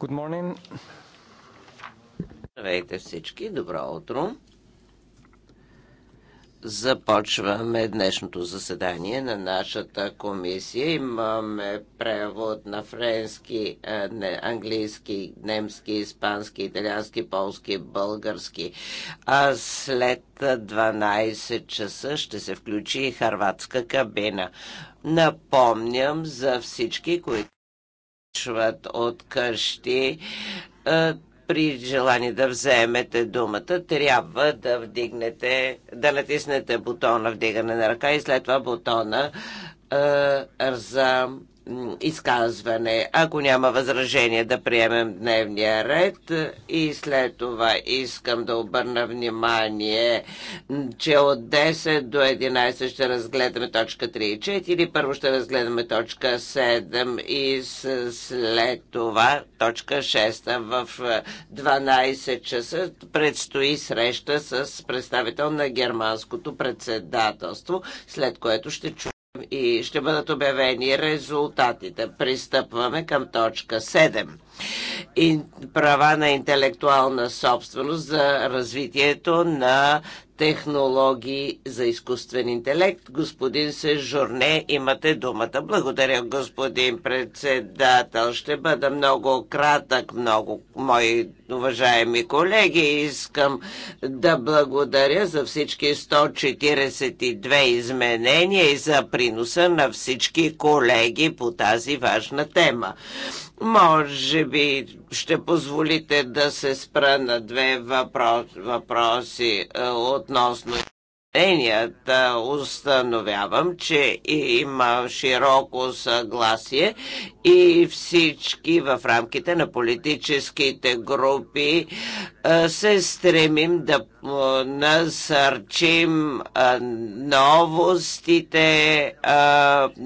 Good morning. Здравейте всички, добро утро. Започваме днешното заседание на нашата комисия. Имаме превод на френски, английски, немски, испански, италиански, полски, български. А след 12 часа ще се включи и харватска кабина. Напомням за всички, които чуват от къщи, при желание да вземете думата, трябва да вдигнете, да натиснете бутона вдигане на ръка и след това бутона за изказване. Ако няма възражение да приемем дневния ред е, и след това искам да обърна внимание, че от 10 до 11 ще разгледаме точка 3 и 4, първо ще разгледаме точка 7 и след това точка 6 в 12 е, часа предстои среща с представител на германското председателство, след което ще чуем и ще бъдат обявени резултатите. Пристъпваме към точка 7 и права на интелектуална собственост за развитието на технологии за изкуствен интелект. Господин Сежурне, имате думата. Благодаря, господин председател. Ще бъда много кратък, много мои уважаеми колеги. Искам да благодаря за всички 142 изменения и за приноса на всички колеги по тази важна тема. Може би ще позволите да се спра на две въпрос, въпроси е, относно измененията. Установявам, че има широко съгласие и всички в рамките на политическите групи е, се стремим да насърчим новостите,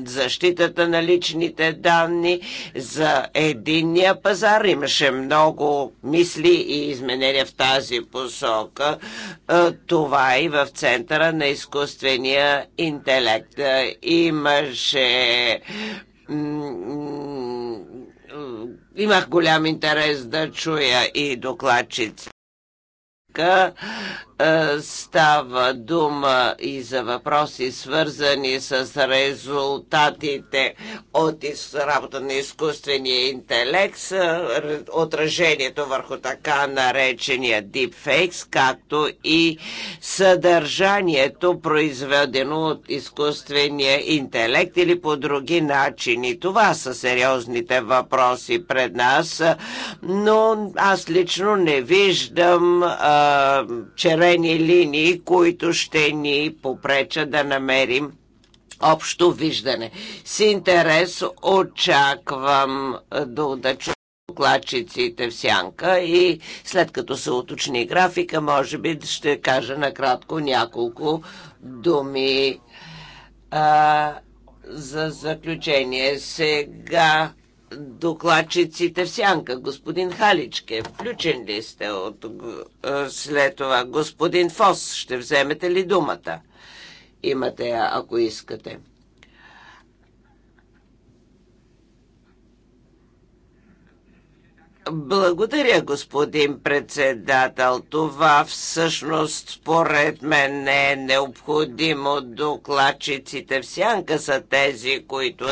защитата на личните данни за единния пазар. Имаше много мисли и изменения в тази посока. Това и в центъра на изкуствения интелект. Имаше имах голям интерес да чуя и докладчици сметка е, става дума и за въпроси свързани с резултатите от работа на изкуствения интелект, отражението върху така наречения deepfakes, както и съдържанието произведено от изкуствения интелект или по други начини. Това са сериозните въпроси пред нас, но аз лично не виждам а, червени линии, които ще ни попречат да намерим общо виждане. С интерес очаквам да, да чуя докладчиците в сянка и след като се уточни графика, може би ще кажа накратко няколко думи. А, за заключение сега докладчиците в сянка. Господин Халичке, включен ли сте от, е, след това? Господин Фос, ще вземете ли думата? Имате я, ако искате. Благодаря, господин председател. Това всъщност според мен не е необходимо. Докладчиците в сянка са тези, които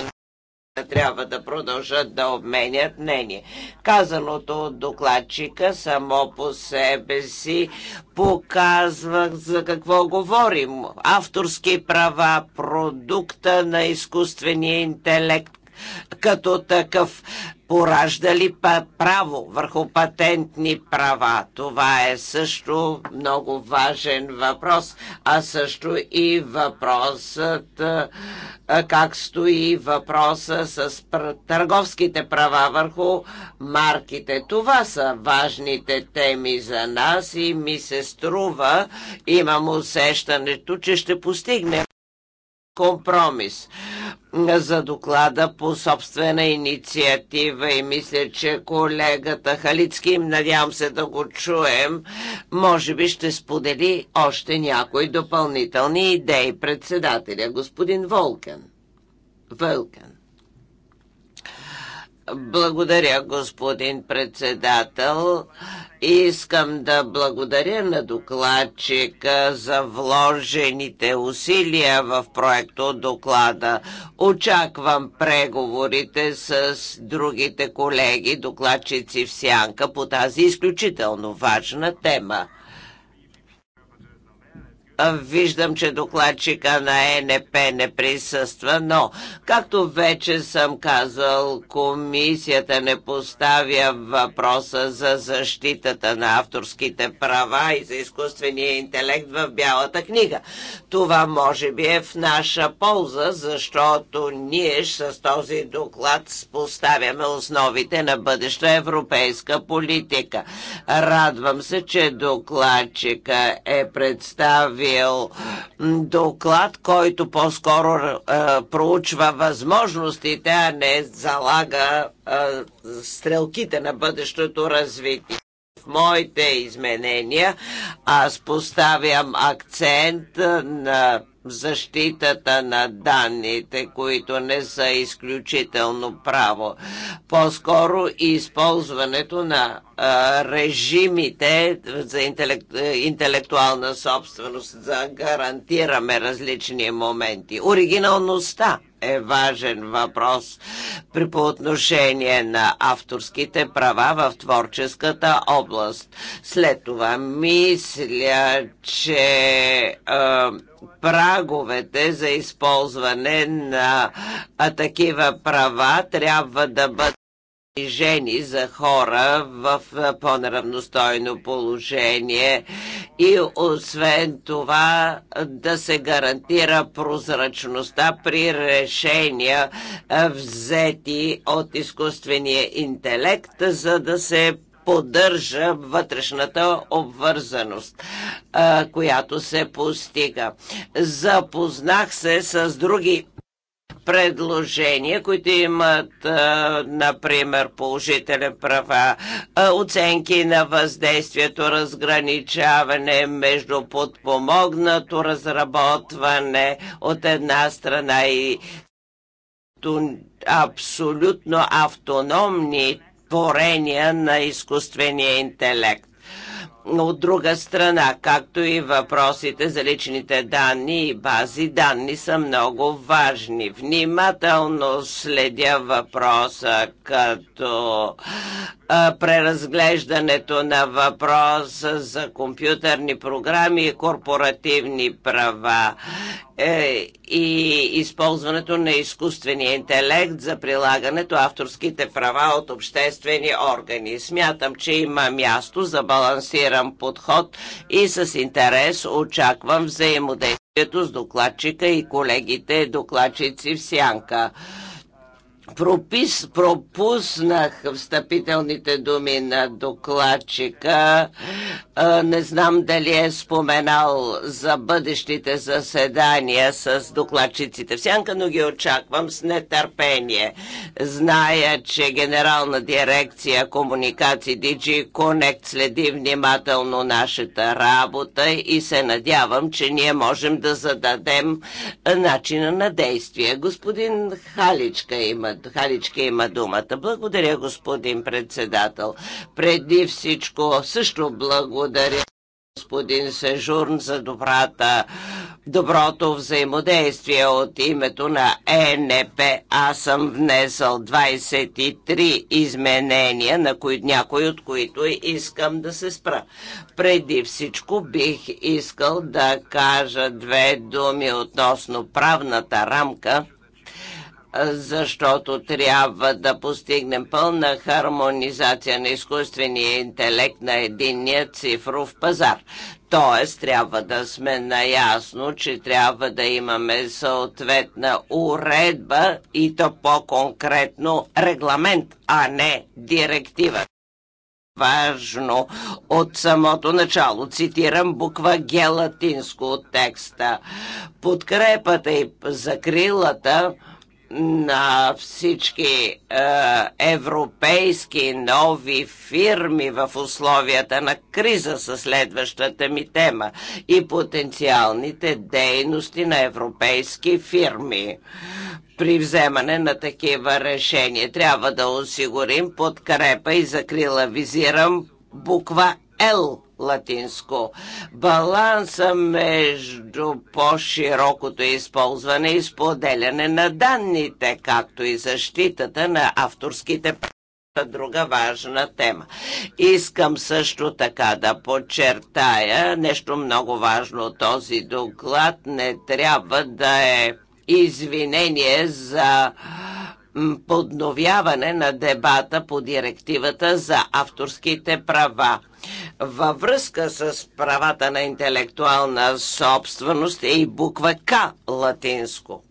трябва да продължат да обменят мнение. Казаното от докладчика само по себе си показва за какво говорим. Авторски права, продукта на изкуствения интелект, като такъв пораждали право върху патентни права. Това е също много важен въпрос, а също и въпросът как стои въпроса с търговските права върху марките. Това са важните теми за нас и ми се струва, имам усещането, че ще постигнем компромис за доклада по собствена инициатива и мисля, че колегата Халицки, надявам се да го чуем, може би ще сподели още някои допълнителни идеи председателя, господин Волкен. Вълкен. Благодаря, господин председател. Искам да благодаря на докладчика за вложените усилия в проекто доклада. Очаквам преговорите с другите колеги, докладчици в Сянка по тази изключително важна тема. Виждам, че докладчика на ЕНП не присъства, но, както вече съм казал, комисията не поставя въпроса за защитата на авторските права и за изкуствения интелект в Бялата книга. Това може би е в наша полза, защото ние с този доклад поставяме основите на бъдеща европейска политика. Радвам се, че докладчика е представил приел доклад, който по-скоро е, проучва възможностите, а не залага а, е, стрелките на бъдещото развитие. В моите изменения аз поставям акцент е, на защитата на данните, които не са изключително право. По-скоро използването на а, режимите за интелект, интелектуална собственост, за да гарантираме различни моменти. Оригиналността е важен въпрос при по отношение на авторските права в творческата област. След това мисля, че е, праговете за използване на такива права трябва да бъдат и жени за хора в по-неравностойно положение и освен това да се гарантира прозрачността при решения взети от изкуствения интелект, за да се поддържа вътрешната обвързаност, която се постига. Запознах се с други предложения, които имат, например, положителен права, оценки на въздействието, разграничаване между подпомогнато разработване от една страна и абсолютно автономни творения на изкуствения интелект от друга страна, както и въпросите за личните данни и бази данни са много важни. Внимателно следя въпроса като а, преразглеждането на въпроса за компютърни програми и корпоративни права е, и използването на изкуствения интелект за прилагането авторските права от обществени органи. Смятам, че има място за балансиране балансиран подход и с интерес очаквам взаимодействието с докладчика и колегите докладчици в Сянка. Пропис, пропуснах встъпителните думи на докладчика. Не знам дали е споменал за бъдещите заседания с докладчиците в Сянка, но ги очаквам с нетърпение. Зная, че Генерална дирекция комуникации DG Connect следи внимателно нашата работа и се надявам, че ние можем да зададем начина на действие. Господин Халичка има Халички има думата. Благодаря, господин председател. Преди всичко също благодаря господин Сежурн за добрата, доброто взаимодействие от името на ЕНП. Аз съм внесъл 23 изменения, на кои, някои от които искам да се спра. Преди всичко бих искал да кажа две думи относно правната рамка – защото трябва да постигнем пълна хармонизация на изкуствения интелект на единния цифров пазар. Тоест, трябва да сме наясно, че трябва да имаме съответна уредба и то по-конкретно регламент, а не директива важно от самото начало. Цитирам буква Г латинско от текста. Подкрепата и закрилата на всички е, европейски нови фирми в условията на криза със следващата ми тема и потенциалните дейности на европейски фирми при вземане на такива решения. Трябва да осигурим подкрепа и закрила. Визирам буква L латинско. Баланса между по-широкото използване и споделяне на данните, както и защитата на авторските права друга важна тема. Искам също така да подчертая нещо много важно. Този доклад не трябва да е извинение за подновяване на дебата по директивата за авторските права. Във връзка с правата на интелектуална собственост е и буква К латинско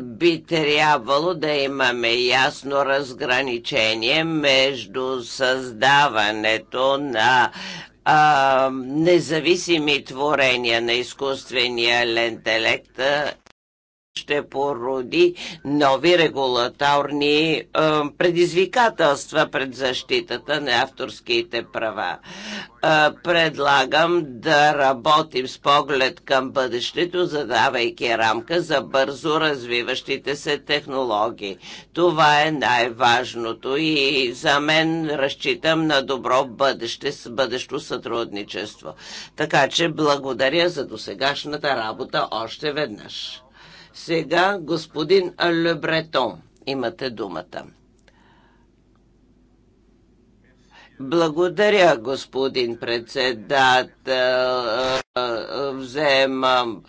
би трябвало да имаме ясно разграничение между създаването на а, независими творения на изкуствения интелект ще породи нови регулаторни е, предизвикателства пред защитата на авторските права. Е, предлагам да работим с поглед към бъдещето, задавайки рамка за бързо развиващите се технологии. Това е най-важното и за мен разчитам на добро бъдеще с бъдещо сътрудничество. Така че благодаря за досегашната работа още веднъж. Сега господин Лебретон, имате думата. Благодаря, господин председател. Вземам.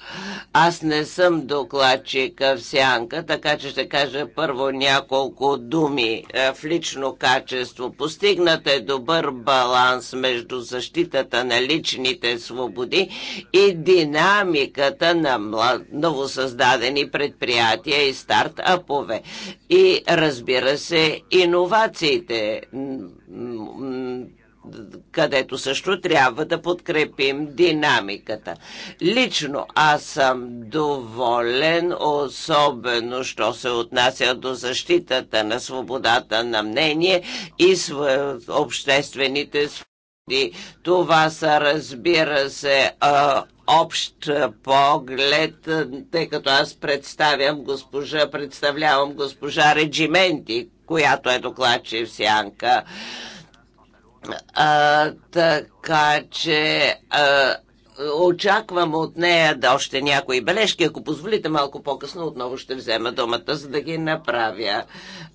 Аз не съм докладчика в сянка, така че ще кажа първо няколко думи е, в лично качество. Постигнат е добър баланс между защитата на личните свободи и динамиката на млад... новосъздадени предприятия и стартапове. И разбира се, иновациите където също трябва да подкрепим динамиката. Лично аз съм доволен, особено, що се отнася до защитата на свободата на мнение и обществените свободи. Това са, разбира се, общ поглед, тъй като аз представям госпожа, представлявам госпожа Реджименти, която е докладчи в сянка. А, така че а, очаквам от нея да още някои бележки. Ако позволите малко по-късно, отново ще взема думата, за да ги направя.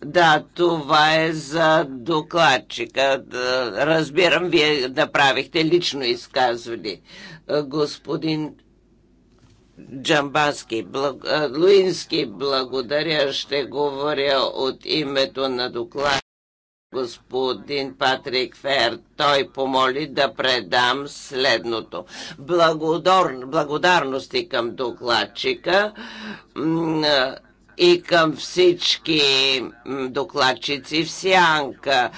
Да, това е за докладчика. Разбирам, вие направихте лично изказване. Господин Джамбаски, благ... Луински, благодаря. Ще говоря от името на доклад. Господин Патрик Фер, той помоли да предам следното. Благодар... Благодарности към докладчика и към всички докладчици в сянка.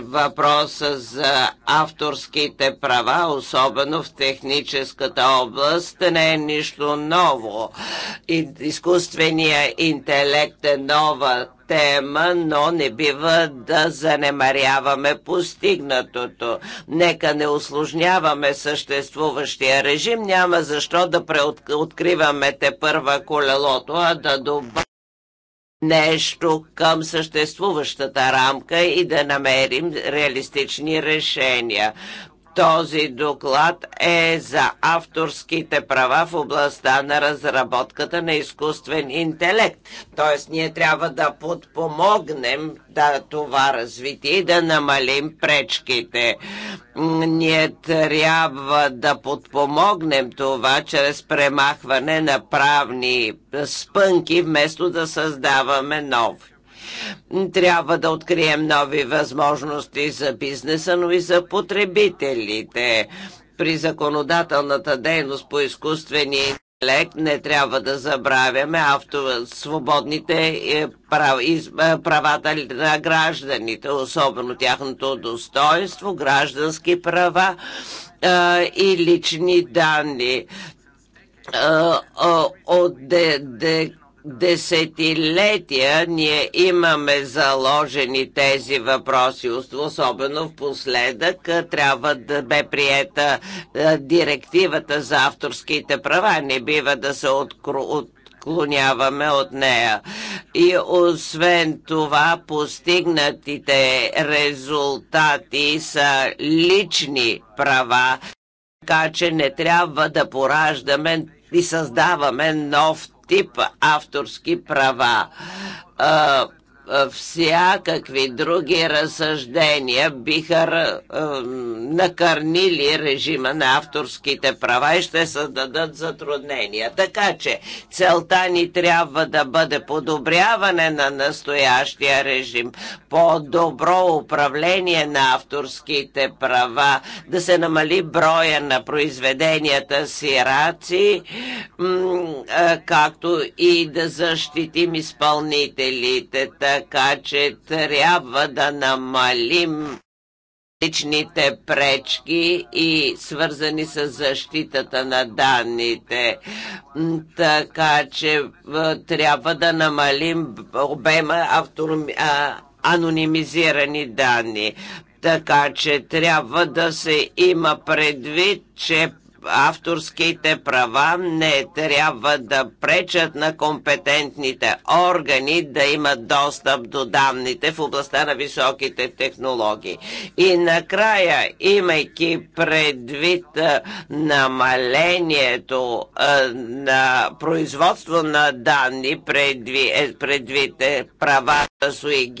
Въпроса за авторските права, особено в техническата област, не е нищо ново. изкуственият интелект е нова тема, но не бива да занемаряваме постигнатото. Нека не осложняваме съществуващия режим, няма защо да преоткриваме те първа колелото, а да добавим нещо към съществуващата рамка и да намерим реалистични решения. Този доклад е за авторските права в областта на разработката на изкуствен интелект. Тоест, ние трябва да подпомогнем да, това развитие и да намалим пречките. Ние трябва да подпомогнем това чрез премахване на правни спънки, вместо да създаваме нови. Трябва да открием нови възможности за бизнеса, но и за потребителите. При законодателната дейност по изкуствени лек не трябва да забравяме авто, свободните е, прав, из, е, правата на гражданите, особено тяхното достоинство, граждански права а, е, и лични данни. А, а, от де, де, десетилетия ние имаме заложени тези въпроси, особено в последък трябва да бе приета директивата за авторските права. Не бива да се откро... клоняваме отклоняваме от нея. И освен това, постигнатите резултати са лични права, така че не трябва да пораждаме и създаваме нов тип авторски права. А, е, всякакви други разсъждения биха е, накърнили режима на авторските права и ще създадат затруднения. Така че целта ни трябва да бъде подобряване на настоящия режим, по-добро управление на авторските права, да се намали броя на произведенията си раци, е, както и да защитим изпълнителите. Така така че трябва да намалим личните пречки и свързани с защитата на данните. Така че трябва да намалим обема а, анонимизирани данни. Така че трябва да се има предвид, че авторските права не трябва да пречат на компетентните органи да имат достъп до данните в областта на високите технологии. И накрая, имайки предвид намалението на производство на данни е, предвид, е, права суи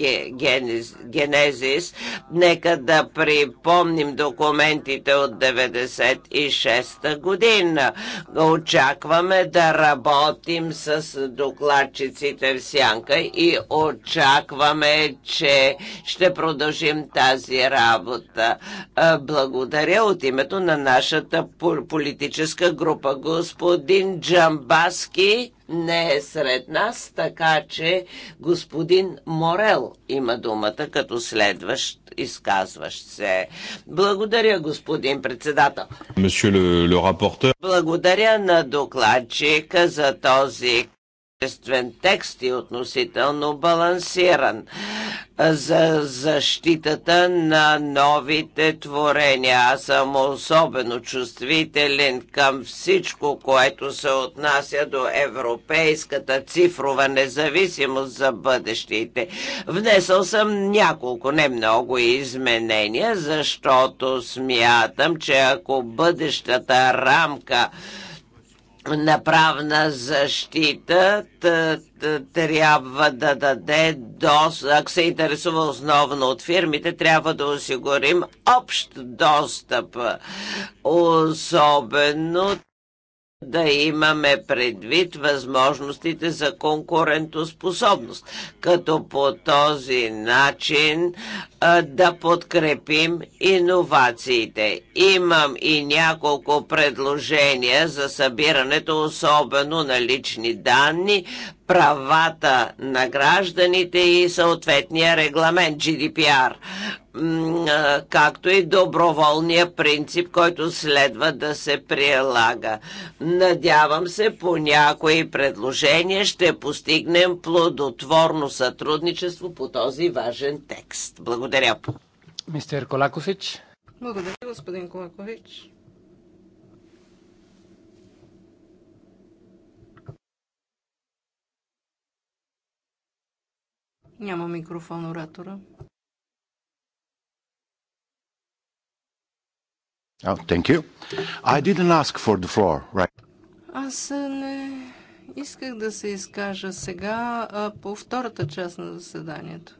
генезис, нека да припомним документите от 96-та година. Очакваме да работим с докладчиците в сянка и очакваме, че ще продължим тази работа. Благодаря от името на нашата политическа група. Господин Джамбаски, не е сред нас, така че господин Морел има думата като следващ изказващ се. Благодаря, господин председател. Благодаря на докладчика за този обществен текст и относително балансиран за защитата на новите творения. Аз съм особено чувствителен към всичко, което се отнася до европейската цифрова независимост за бъдещите. Внесъл съм няколко, не много изменения, защото смятам, че ако бъдещата рамка на правна защита трябва да даде достъп, ако се интересува основно от фирмите, трябва да осигурим общ достъп. Особено да имаме предвид възможностите за конкурентоспособност, като по този начин а, да подкрепим иновациите. Имам и няколко предложения за събирането, особено на лични данни, правата на гражданите и съответния регламент GDPR, както и доброволния принцип, който следва да се прилага. Надявам се, по някои предложения ще постигнем плодотворно сътрудничество по този важен текст. Благодаря. Мистер Колакович. Благодаря, господин Колакович. Няма микрофон оратора. Oh, thank you. I didn't ask for the floor, right? Аз не исках да се изкажа сега а по втората част на заседанието.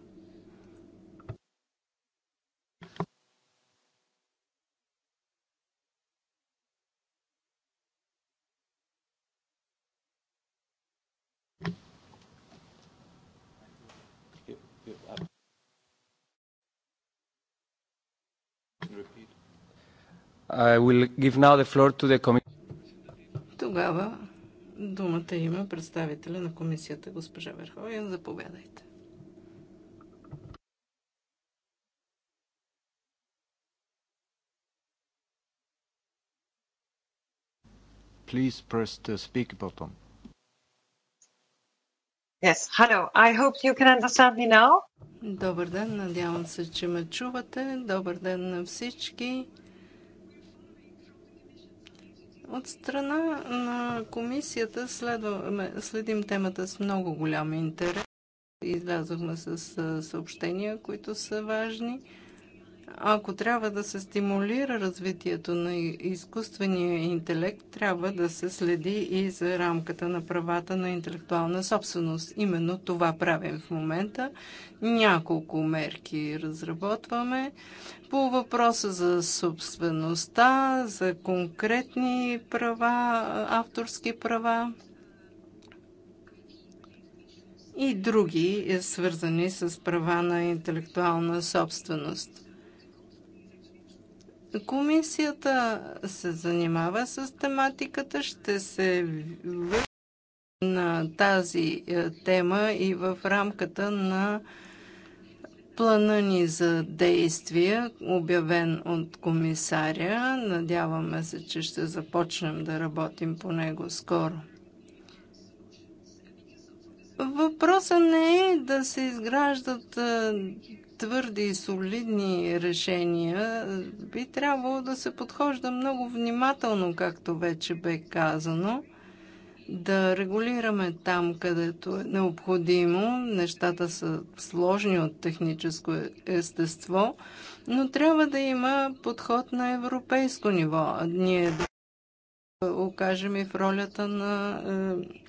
I will give now the floor to the Тогава думата има представителя на комисията госпожа Верховен. Заповядайте. Please press the speak button. Yes, hello. I hope you can understand me now. Добър ден, надявам се, че ме чувате. Добър ден на всички. От страна на комисията следваме, следим темата с много голям интерес. Излязохме с съобщения, които са важни. Ако трябва да се стимулира развитието на изкуствения интелект, трябва да се следи и за рамката на правата на интелектуална собственост. Именно това правим в момента. Няколко мерки разработваме. По въпроса за собствеността, за конкретни права, авторски права, и други, е свързани с права на интелектуална собственост. Комисията се занимава с тематиката, ще се върши на тази е, тема и в рамката на плана ни за действия, обявен от комисаря. Надяваме се, че ще започнем да работим по него скоро. Въпросът не е да се изграждат е, твърди и солидни решения, би трябвало да се подхожда много внимателно, както вече бе казано, да регулираме там, където е необходимо. Нещата са сложни от техническо естество, но трябва да има подход на европейско ниво. Ние да окажем и в ролята на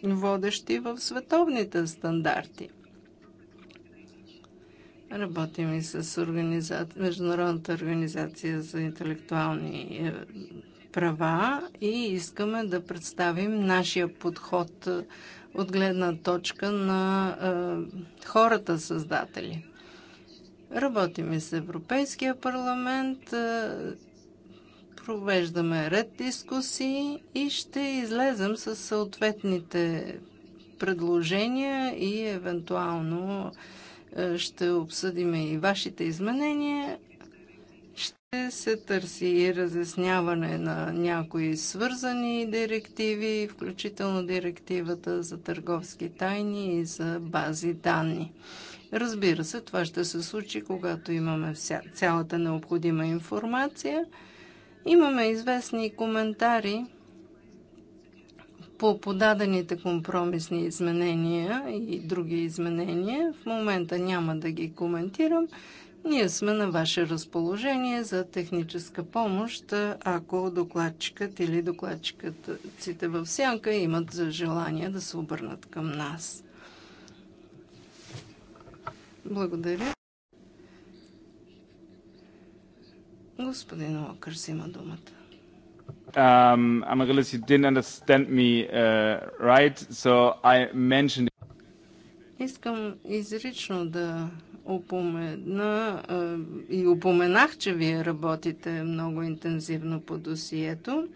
е, водещи в световните стандарти. Работим и с организа... Международната организация за интелектуални е, права и искаме да представим нашия подход е, от гледна точка на е, хората създатели. Работим и с Европейския парламент, е, провеждаме ред дискусии и ще излезем с съответните предложения и евентуално е, е, ще обсъдим и вашите изменения. Ще се търси и разясняване на някои свързани директиви, включително директивата за търговски тайни и за бази данни. Разбира се, това ще се случи, когато имаме вся, цялата необходима информация. Имаме известни коментари по подадените компромисни изменения и други изменения. В момента няма да ги коментирам. Ние сме на ваше разположение за техническа помощ, ако докладчикът или докладчикът в сянка имат за желание да се обърнат към нас. Благодаря. Господин Локърс има думата um, Amaryllis, you didn't understand me uh, right, so I mentioned... Искам изрично да упомена uh, и упоменах, че вие работите много интензивно по досието.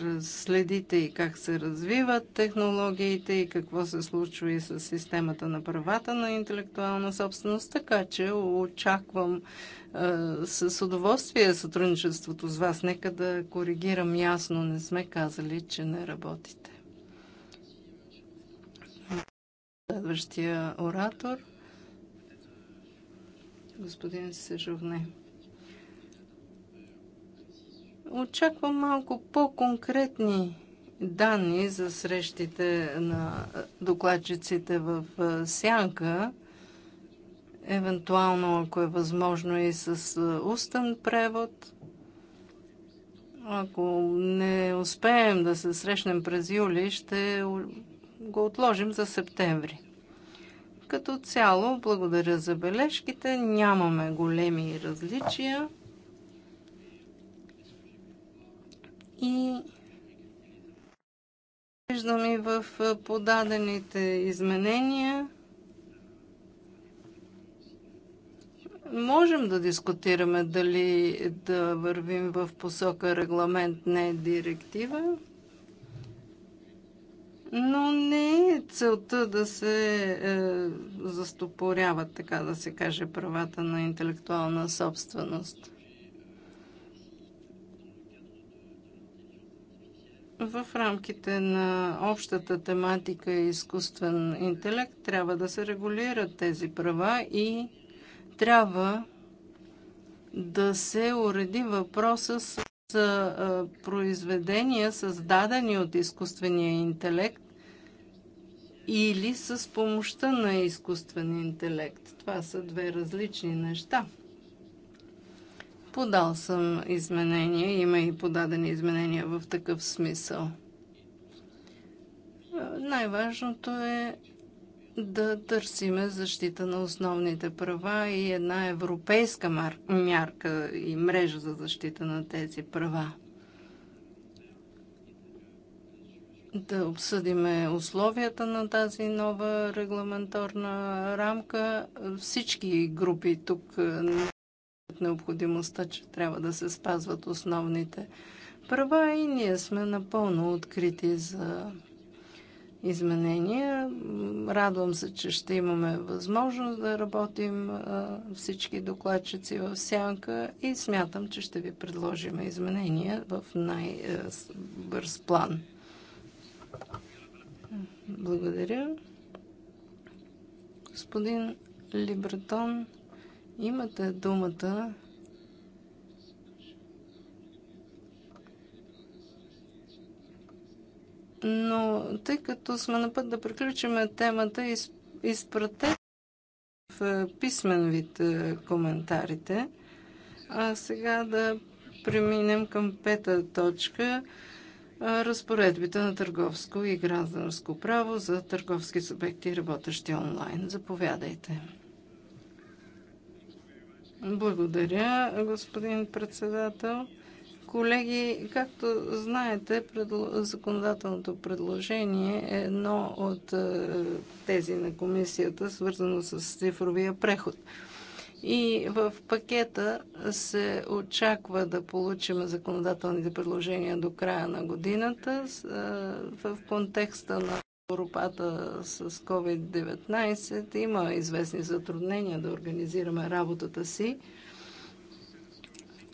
Разследите и как се развиват технологиите и какво се случва и с системата на правата на интелектуална собственост, така че очаквам с удоволствие сътрудничеството с вас. Нека да коригирам ясно. Не сме казали, че не работите. Следващия оратор. Господин Сежовне. Очаквам малко по-конкретни данни за срещите на докладчиците в Сянка евентуално, ако е възможно и с е, устен превод. Ако не успеем да се срещнем през юли, ще го отложим за септември. Като цяло, благодаря за бележките. Нямаме големи различия. И виждам и в подадените изменения Можем да дискутираме дали да вървим в посока регламент, не директива, но не е целта да се е, застопоряват, така да се каже, правата на интелектуална собственост. В рамките на общата тематика изкуствен интелект трябва да се регулират тези права и трябва да се уреди въпроса с произведения, създадени от изкуствения интелект или с помощта на изкуствен интелект. Това са две различни неща. Подал съм изменения, има и подадени изменения в такъв смисъл. Най-важното е да търсиме защита на основните права и една европейска мярка и мрежа за защита на тези права. Да обсъдиме условията на тази нова регламенторна рамка. Всички групи тук е, необходимостта, че трябва да се спазват основните права и ние сме напълно открити за изменения. Радвам се, че ще имаме възможност да работим всички докладчици в сянка и смятам, че ще ви предложим изменения в най-бърз план. Благодаря. Господин Либретон, имате думата но тъй като сме на път да приключим темата, изпратете в е, писмен вид е, коментарите. А сега да преминем към пета точка е, разпоредбите на търговско и гражданско право за търговски субекти, работещи онлайн. Заповядайте. Благодаря, господин председател. Колеги, както знаете, законодателното предложение е едно от е, тези на комисията, свързано с цифровия преход. И в пакета се очаква да получим законодателните предложения до края на годината е, в контекста на Европата с COVID-19. Има известни затруднения да организираме работата си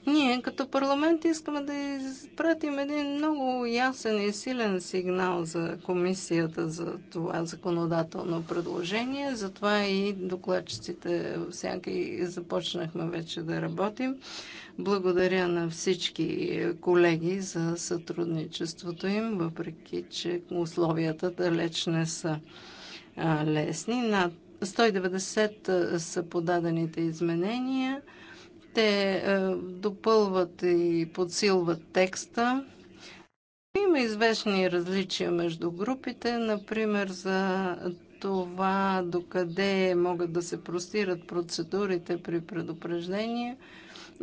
ние като парламент искаме да изпратим един много ясен и силен сигнал за комисията за това законодателно предложение. Затова и докладчиците всяки започнахме вече да работим. Благодаря на всички колеги за сътрудничеството им, въпреки че условията далеч не са лесни. Над 190 са подадените изменения. Те е, допълват и подсилват текста. Има известни различия между групите, например за това докъде могат да се простират процедурите при предупреждение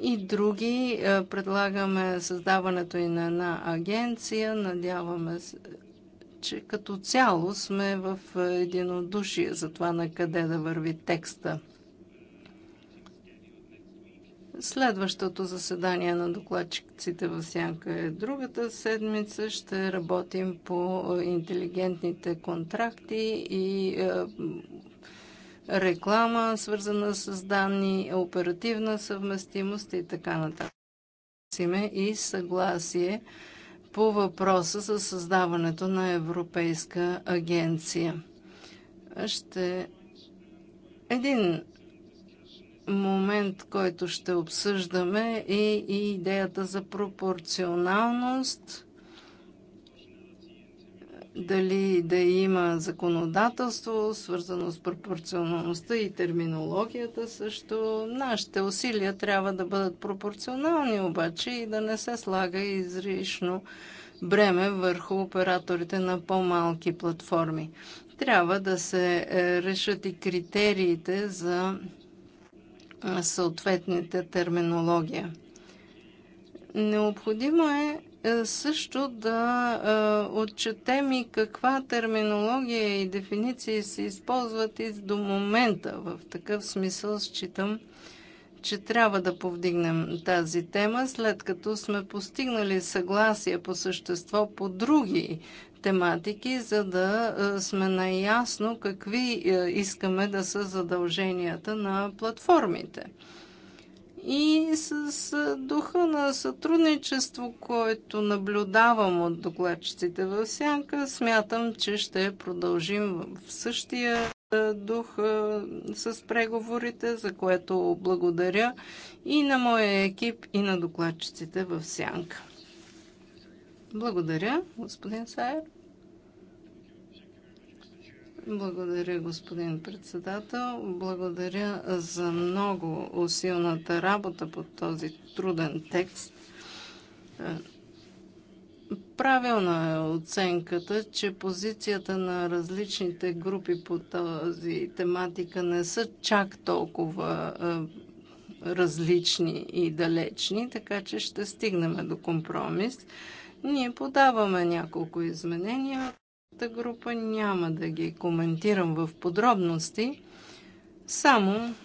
и други. Е, предлагаме създаването и на една агенция. Надяваме се, че като цяло сме в единодушие за това на къде да върви текста. Следващото заседание на докладчиците в Сянка е другата седмица. Ще работим по интелигентните контракти и е, реклама, свързана с данни, оперативна съвместимост и така нататък. И съгласие по въпроса за създаването на Европейска агенция. Ще един момент, който ще обсъждаме, е и идеята за пропорционалност. Дали да има законодателство, свързано с пропорционалността и терминологията също. Нашите усилия трябва да бъдат пропорционални обаче и да не се слага изрично бреме върху операторите на по-малки платформи. Трябва да се е, решат и критериите за Съответните терминология. Необходимо е, е също да отчетем и каква терминология и дефиниции се използват и до момента. В такъв смисъл считам, че трябва да повдигнем тази тема, след като сме постигнали съгласие по същество по други тематики, за да е, сме наясно какви е, искаме да са задълженията на платформите. И с духа на сътрудничество, което наблюдавам от докладчиците в Сянка, смятам, че ще продължим в същия е, дух с преговорите, за което благодаря и на моя екип, и на докладчиците в Сянка. Благодаря, господин Сайер. Благодаря, господин председател. Благодаря за много усилната работа по този труден текст. Правилна е оценката, че позицията на различните групи по тази тематика не са чак толкова различни и далечни, така че ще стигнем до компромис. Ние подаваме няколко изменения. Та група няма да ги коментирам в подробности, само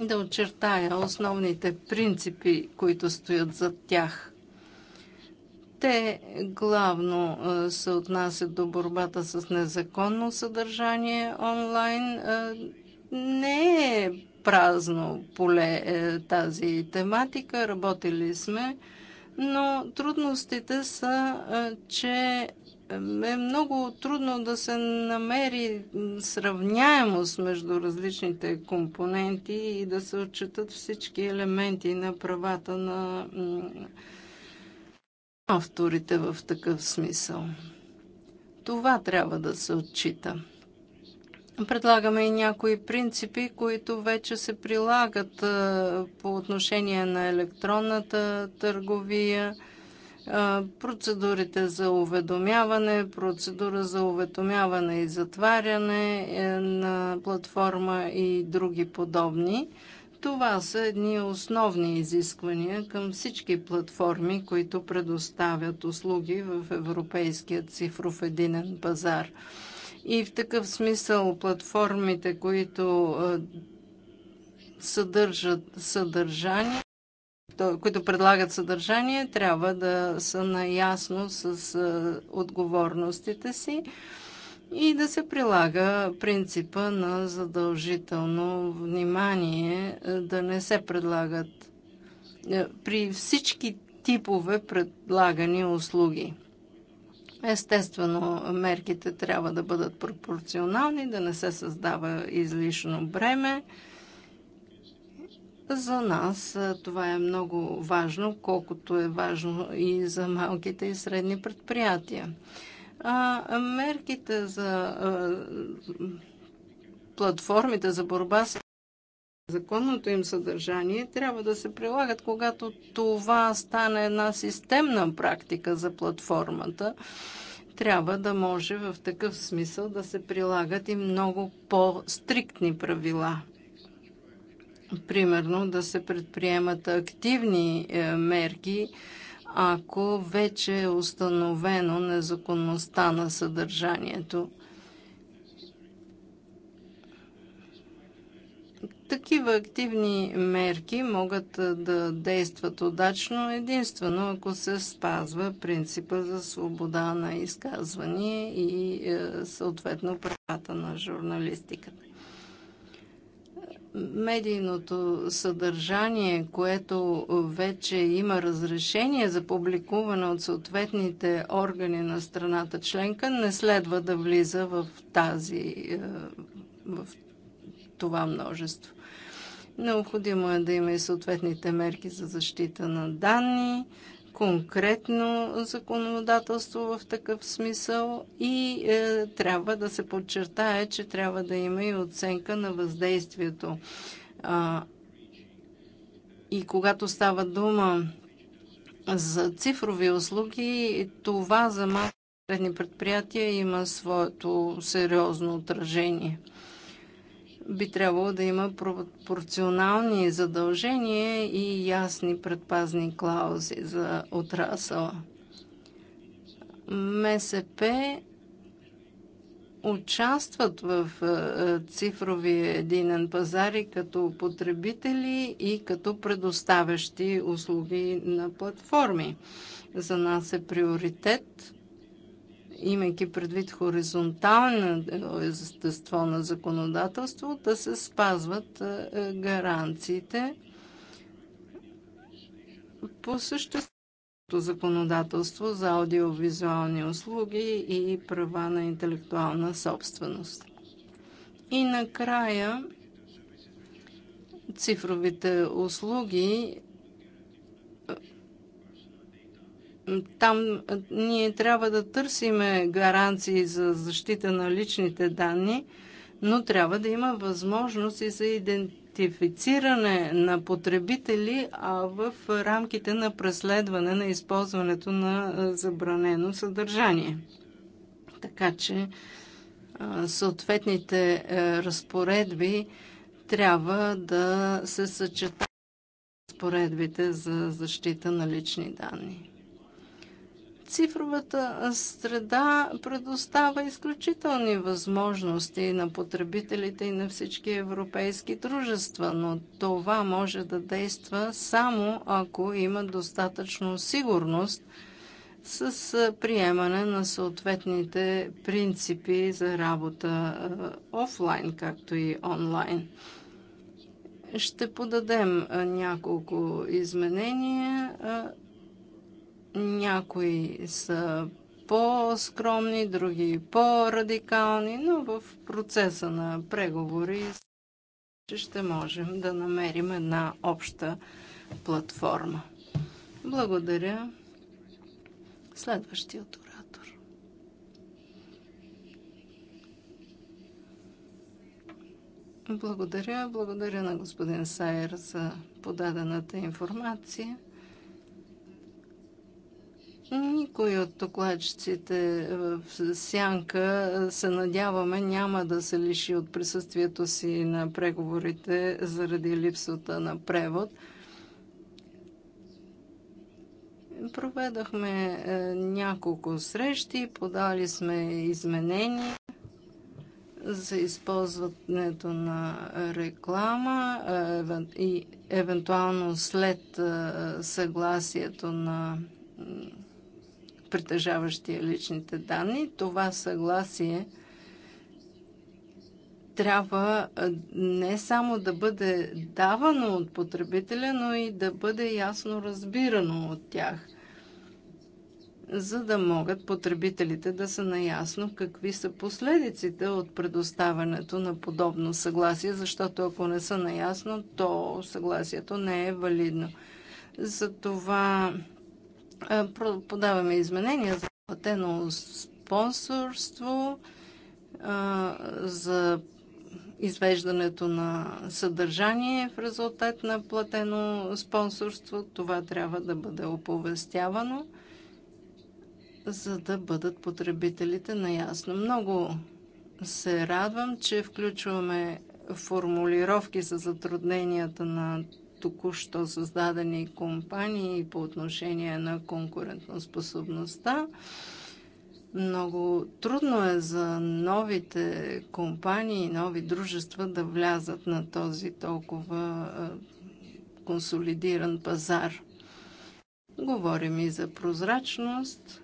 да очертая основните принципи, които стоят зад тях. Те главно се отнасят до борбата с незаконно съдържание онлайн. Не е празно поле е, тази тематика. Работили сме но трудностите са, че е много трудно да се намери сравняемост между различните компоненти и да се отчитат всички елементи на правата на авторите в такъв смисъл. Това трябва да се отчита. Предлагаме и някои принципи, които вече се прилагат по отношение на електронната търговия, процедурите за уведомяване, процедура за уведомяване и затваряне е, на платформа и други подобни. Това са едни основни изисквания към всички платформи, които предоставят услуги в Европейския цифров единен пазар. И в такъв смисъл платформите, които съдържат съдържание, които предлагат съдържание, трябва да са наясно с отговорностите си и да се прилага принципа на задължително внимание, да не се предлагат при всички типове предлагани услуги. Естествено, мерките трябва да бъдат пропорционални, да не се създава излишно бреме. За нас това е много важно, колкото е важно и за малките и средни предприятия. А мерките за платформите за борба с законното им съдържание трябва да се прилагат, когато това стане една системна практика за платформата. Трябва да може в такъв смисъл да се прилагат и много по-стриктни правила. Примерно да се предприемат активни е, мерки, ако вече е установено незаконността на съдържанието Такива активни мерки могат да действат удачно единствено ако се спазва принципа за свобода на изказване и съответно правата на журналистиката. Медийното съдържание, което вече има разрешение за публикуване от съответните органи на страната членка, не следва да влиза в тази в това множество. Необходимо е да има и съответните мерки за защита на данни, конкретно законодателство в такъв смисъл и е, трябва да се подчертае, че трябва да има и оценка на въздействието. А, и когато става дума за цифрови услуги, това за малки предприятия има своето сериозно отражение би трябвало да има пропорционални задължения и ясни предпазни клаузи за отрасъла. МСП участват в е, цифровия единен пазар и като потребители и като предоставящи услуги на платформи. За нас е приоритет имайки предвид хоризонтално е, естество на законодателство, да се спазват е, е, гаранциите по съществото законодателство за аудиовизуални услуги и права на интелектуална собственост. И накрая цифровите услуги Там ние трябва да търсиме гаранции за защита на личните данни, но трябва да има възможност и за идентифициране на потребители а в рамките на преследване на използването на забранено съдържание. Така че съответните разпоредби трябва да се съчетават с разпоредбите за защита на лични данни. Цифровата среда предоставя изключителни възможности на потребителите и на всички европейски дружества, но това може да действа само ако има достатъчно сигурност с приемане на съответните принципи за работа офлайн, както и онлайн. Ще подадем няколко изменения някои са по-скромни, други по-радикални, но в процеса на преговори ще можем да намерим една обща платформа. Благодаря. Следващият оратор. Благодаря. Благодаря на господин Сайер за подадената информация. Никой от докладчиците е, в Сянка е, се надяваме няма да се лиши от присъствието си на преговорите заради липсата на превод. Проведахме е, няколко срещи, подали сме изменения за използването на реклама и евентуално след съгласието на притежаващия личните данни. Това съгласие трябва не само да бъде давано от потребителя, но и да бъде ясно разбирано от тях, за да могат потребителите да са наясно какви са последиците от предоставянето на подобно съгласие, защото ако не са наясно, то съгласието не е валидно. Затова това е, подаваме изменения за платено спонсорство, е, за извеждането на съдържание в резултат на платено спонсорство. Това трябва да бъде оповестявано, за да бъдат потребителите наясно. Много се радвам, че включваме формулировки за затрудненията на току-що създадени компании по отношение на конкурентоспособността. Много трудно е за новите компании, нови дружества да влязат на този толкова консолидиран пазар. Говорим и за прозрачност.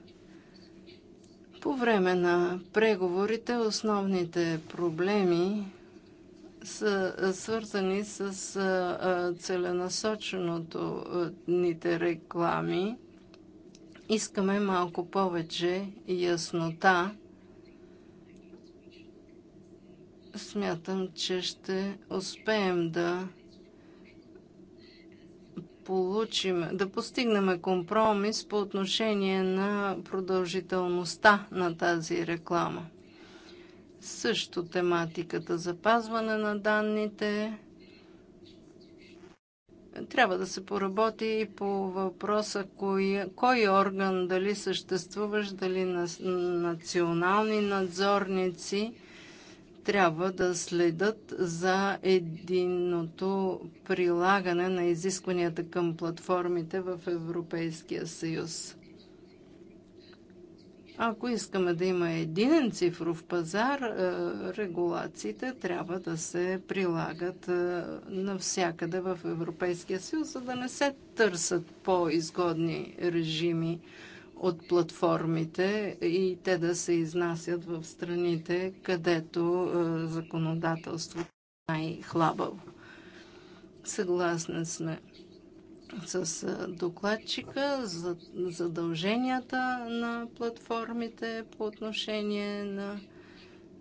По време на преговорите основните проблеми са свързани с целенасоченото ните реклами. Искаме малко повече яснота. Смятам, че ще успеем да получим, да постигнем компромис по отношение на продължителността на тази реклама. Също тематиката запазване на данните. Трябва да се поработи и по въпроса кой, кой орган, дали съществуваш, дали на, национални надзорници трябва да следят за единното прилагане на изискванията към платформите в Европейския съюз. Ако искаме да има единен цифров пазар, е, регулациите трябва да се прилагат е, навсякъде в Европейския съюз, за да не се търсят по-изгодни режими от платформите и те да се изнасят в страните, където е, законодателството е най-хлабаво. Съгласна сме с докладчика за задълженията на платформите по отношение на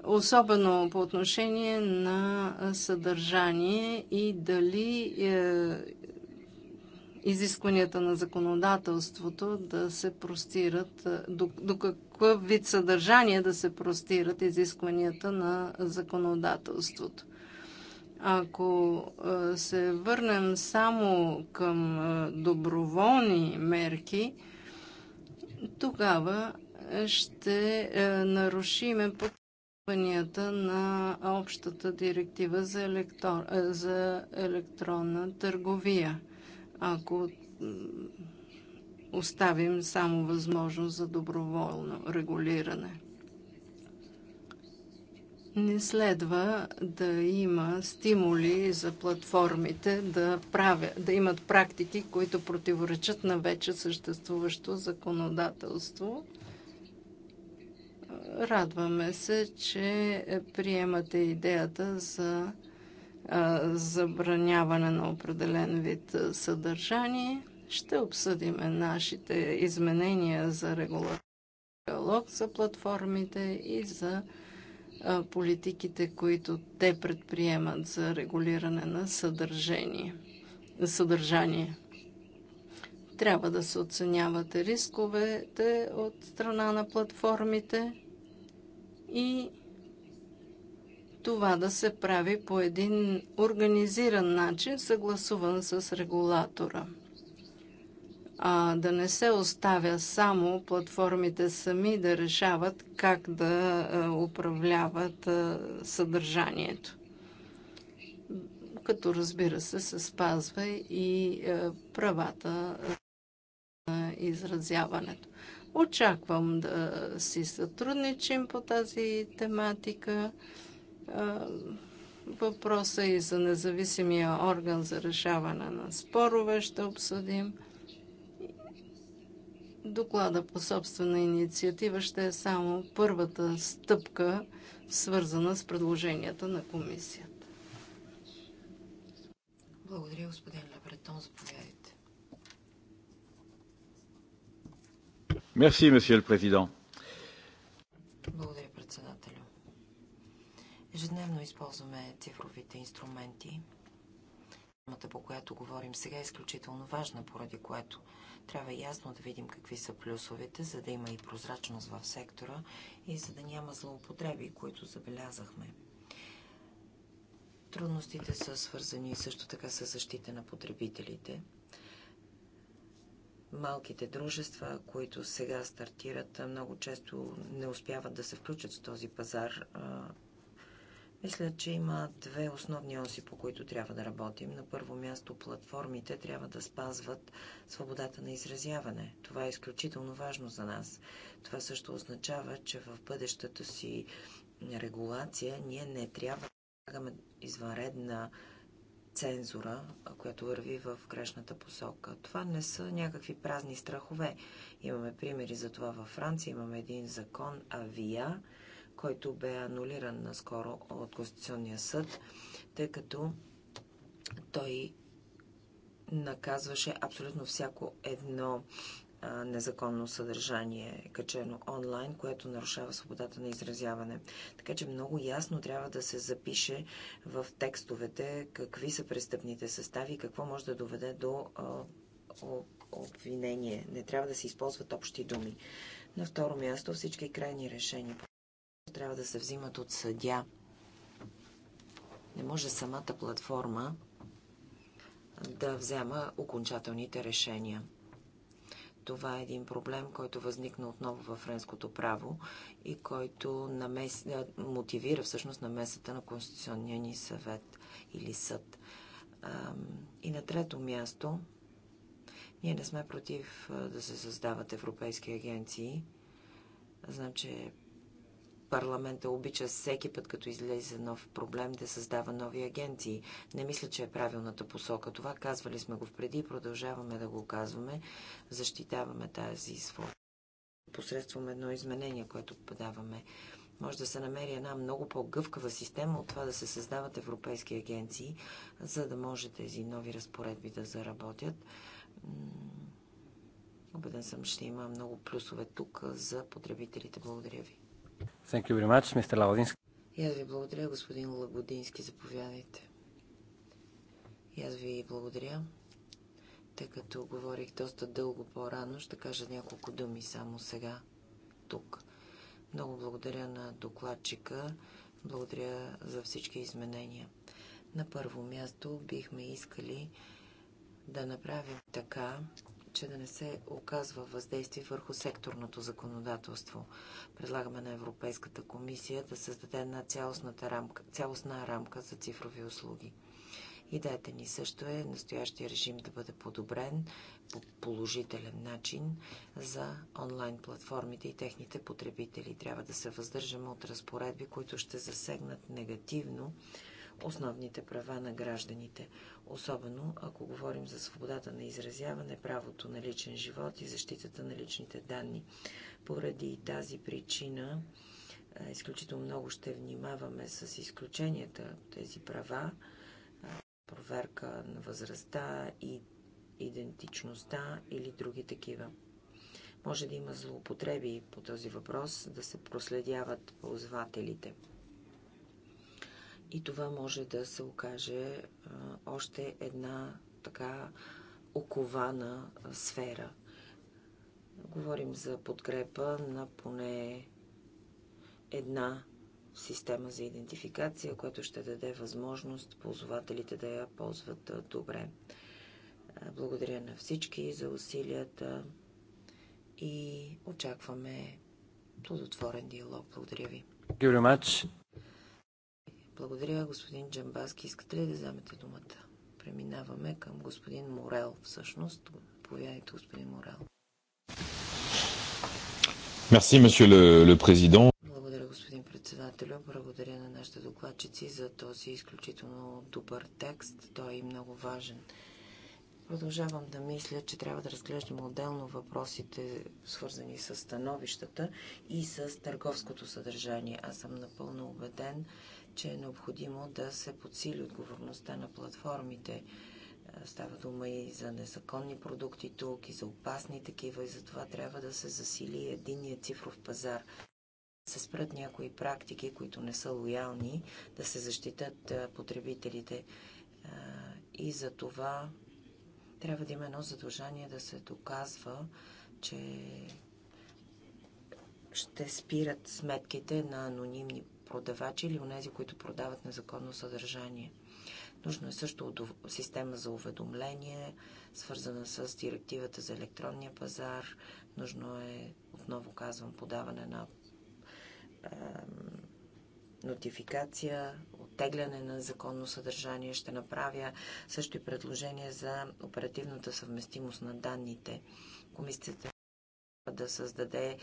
особено по отношение на съдържание и дали е, изискванията на законодателството да се простират, е, до, до какъв вид съдържание да се простират изискванията на законодателството. Ако се върнем само към доброволни мерки, тогава ще нарушиме подпъванията на общата директива за, електро... за електронна търговия. Ако оставим само възможност за доброволно регулиране не следва да има стимули за платформите да, правя, да имат практики, които противоречат на вече съществуващо законодателство. Радваме се, че приемате идеята за забраняване на определен вид съдържание. Ще обсъдим нашите изменения за регулаторен диалог за платформите и за политиките, които те предприемат за регулиране на съдържание. съдържание. Трябва да се оценяват рисковете от страна на платформите и това да се прави по един организиран начин, съгласуван с регулатора – а, да не се оставя само платформите сами да решават как да а, управляват а, съдържанието. Като разбира се, се спазва и а, правата на изразяването. Очаквам да си сътрудничим по тази тематика. Въпроса и за независимия орган за решаване на спорове ще обсъдим. Доклада по собствена инициатива ще е само първата стъпка, свързана с предложенията на комисията. Благодаря, господин Лебретон. Заповядайте. Мерси, месье президент. Благодаря, председателю. Ежедневно използваме цифровите инструменти – Темата, по която говорим сега, е изключително важна, поради което трябва ясно да видим какви са плюсовете, за да има и прозрачност в сектора и за да няма злоупотреби, които забелязахме. Трудностите са свързани също така с защита на потребителите. Малките дружества, които сега стартират, много често не успяват да се включат в този пазар мисля, че има две основни оси, по които трябва да работим. На първо място платформите трябва да спазват свободата на изразяване. Това е изключително важно за нас. Това също означава, че в бъдещата си регулация ние не трябва да прилагаме извънредна цензура, която върви в грешната посока. Това не са някакви празни страхове. Имаме примери за това във Франция. Имаме един закон АВИА, който бе анулиран наскоро от Конституционния съд, тъй като той наказваше абсолютно всяко едно незаконно съдържание, качено онлайн, което нарушава свободата на изразяване. Така че много ясно трябва да се запише в текстовете какви са престъпните състави и какво може да доведе до обвинение. Не трябва да се използват общи думи. На второ място всички крайни решения трябва да се взимат от съдя. Не може самата платформа да взема окончателните решения. Това е един проблем, който възникна отново във френското право и който намес... Е, мотивира всъщност намесата на Конституционния ни съвет или съд. И на трето място, ние не сме против да се създават европейски агенции. Знам, че Парламента обича всеки път, като излезе нов проблем, да създава нови агенции. Не мисля, че е правилната посока. Това казвали сме го впреди, продължаваме да го казваме, защитаваме тази своя. Посредством едно изменение, което подаваме може да се намери една много по-гъвкава система от това да се създават европейски агенции, за да може тези нови разпоредби да заработят. Обеден съм, ще има много плюсове тук за потребителите. Благодаря ви. Much, и аз ви благодаря, господин Лагодински. Заповядайте. И аз ви благодаря. Тъй като говорих доста дълго по-рано, ще кажа няколко думи само сега, тук. Много благодаря на докладчика. Благодаря за всички изменения. На първо място бихме искали да направим така, че да не се оказва въздействие върху секторното законодателство. Предлагаме на Европейската комисия да създаде една рамка, цялостна рамка за цифрови услуги. Идеята ни също е настоящия режим да бъде подобрен по положителен начин за онлайн платформите и техните потребители. Трябва да се въздържаме от разпоредби, които ще засегнат негативно основните права на гражданите, особено ако говорим за свободата на изразяване, правото на личен живот и защитата на личните данни. Поради тази причина изключително много ще внимаваме с изключенията тези права, проверка на възрастта и идентичността или други такива. Може да има злоупотреби по този въпрос, да се проследяват ползвателите. И това може да се окаже още една така окована сфера. Говорим за подкрепа на поне една система за идентификация, която ще даде възможност ползвателите да я ползват добре. Благодаря на всички за усилията и очакваме плодотворен диалог. Благодаря ви. Благодаря, господин Джамбаски. Искате ли да вземете думата? Преминаваме към господин Морел, всъщност. повярвайте, господин Морел. Мерси, monsieur le, Благодаря, господин председателю. Благодаря на нашите докладчици за този изключително добър текст. Той е много важен. Продължавам да мисля, че трябва да разглеждаме отделно въпросите, свързани с становищата и с търговското съдържание. Аз съм напълно убеден, че е необходимо да се подсили отговорността на платформите. Е, става дума и за незаконни продукти тук, и за опасни такива, и затова трябва да се засили единния цифров пазар. Да се спрат някои практики, които не са лоялни, да се защитат е, потребителите. Е, и за това трябва да има едно задължение да се доказва, че ще спират сметките на анонимни продавачи или онези, които продават незаконно съдържание. Нужно е също система за уведомление, свързана с директивата за електронния пазар. Нужно е, отново казвам, подаване на е, нотификация, оттегляне на законно съдържание. Ще направя също и предложение за оперативната съвместимост на данните. Комисията да създаде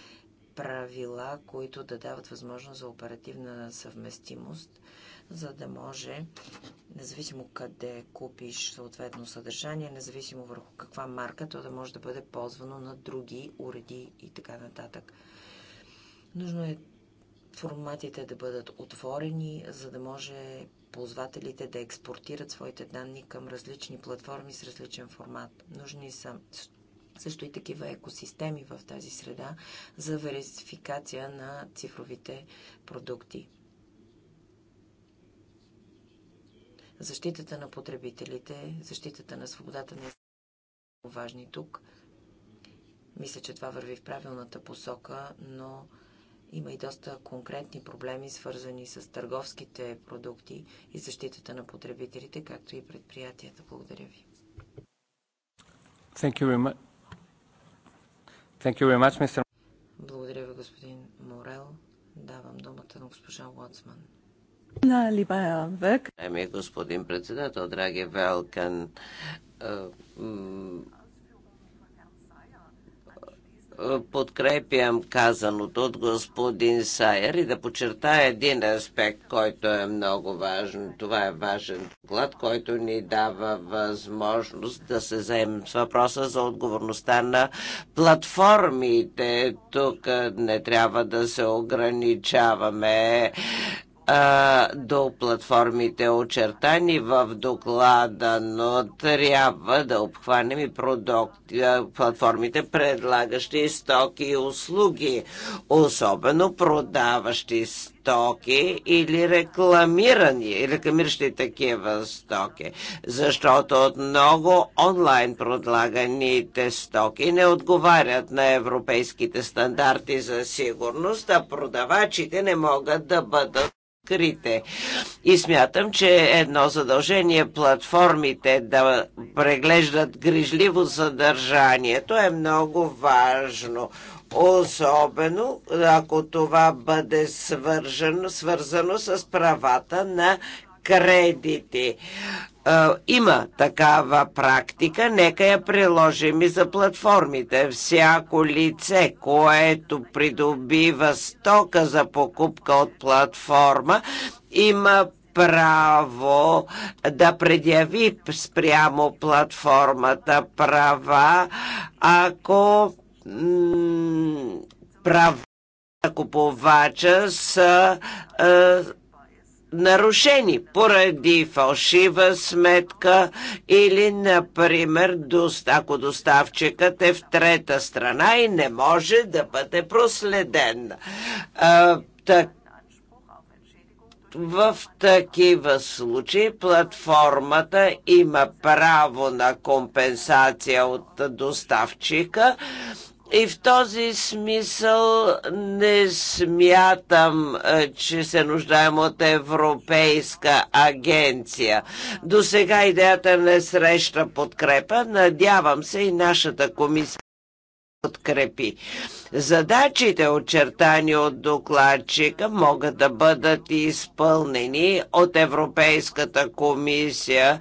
правила, които да дават възможност за оперативна съвместимост, за да може, независимо къде купиш съответно съдържание, независимо върху каква марка, то да може да бъде ползвано на други уреди и така нататък. Нужно е форматите да бъдат отворени, за да може ползвателите да експортират своите данни към различни платформи с различен формат. Нужни са също и такива екосистеми в тази среда за верификация на цифровите продукти. Защитата на потребителите, защитата на свободата на е важни тук. Мисля, че това върви в правилната посока, но има и доста конкретни проблеми, свързани с търговските продукти и защитата на потребителите, както и предприятията. Благодаря ви. Thank you very much. Thank you very Much, Mr. Благодаря ви, господин Морел. Давам думата на госпожа Лоцман. На Либая е Век. Еми, господин председател, драги Велкан, е, подкрепям казаното от господин Сайер и да подчертая един аспект, който е много важен. Това е важен доклад, който ни дава възможност да се заемем с въпроса за отговорността на платформите. Тук не трябва да се ограничаваме а, до платформите очертани в доклада, но трябва да обхванем и продукти, платформите, предлагащи стоки и услуги, особено продаващи стоки или рекламирани, рекламиращи такива стоки, защото от много онлайн предлаганите стоки не отговарят на европейските стандарти за сигурност, а продавачите не могат да бъдат скрите. И смятам, че едно задължение платформите да преглеждат грижливо съдържанието е много важно. Особено ако това бъде свържено, свързано с правата на кредити. Е, има такава практика, нека я приложим и за платформите. Всяко лице, което придобива стока за покупка от платформа, има право да предяви спрямо платформата права, ако права купувача са е, нарушени поради фалшива сметка или, например, ако доставчикът е в трета страна и не може да бъде проследен. в такива случаи платформата има право на компенсация от доставчика и в този смисъл не смятам, е, че се нуждаем от Европейска агенция. До сега идеята не среща подкрепа. Надявам се и нашата комисия подкрепи. Задачите, очертани от докладчика, могат да бъдат изпълнени от Европейската комисия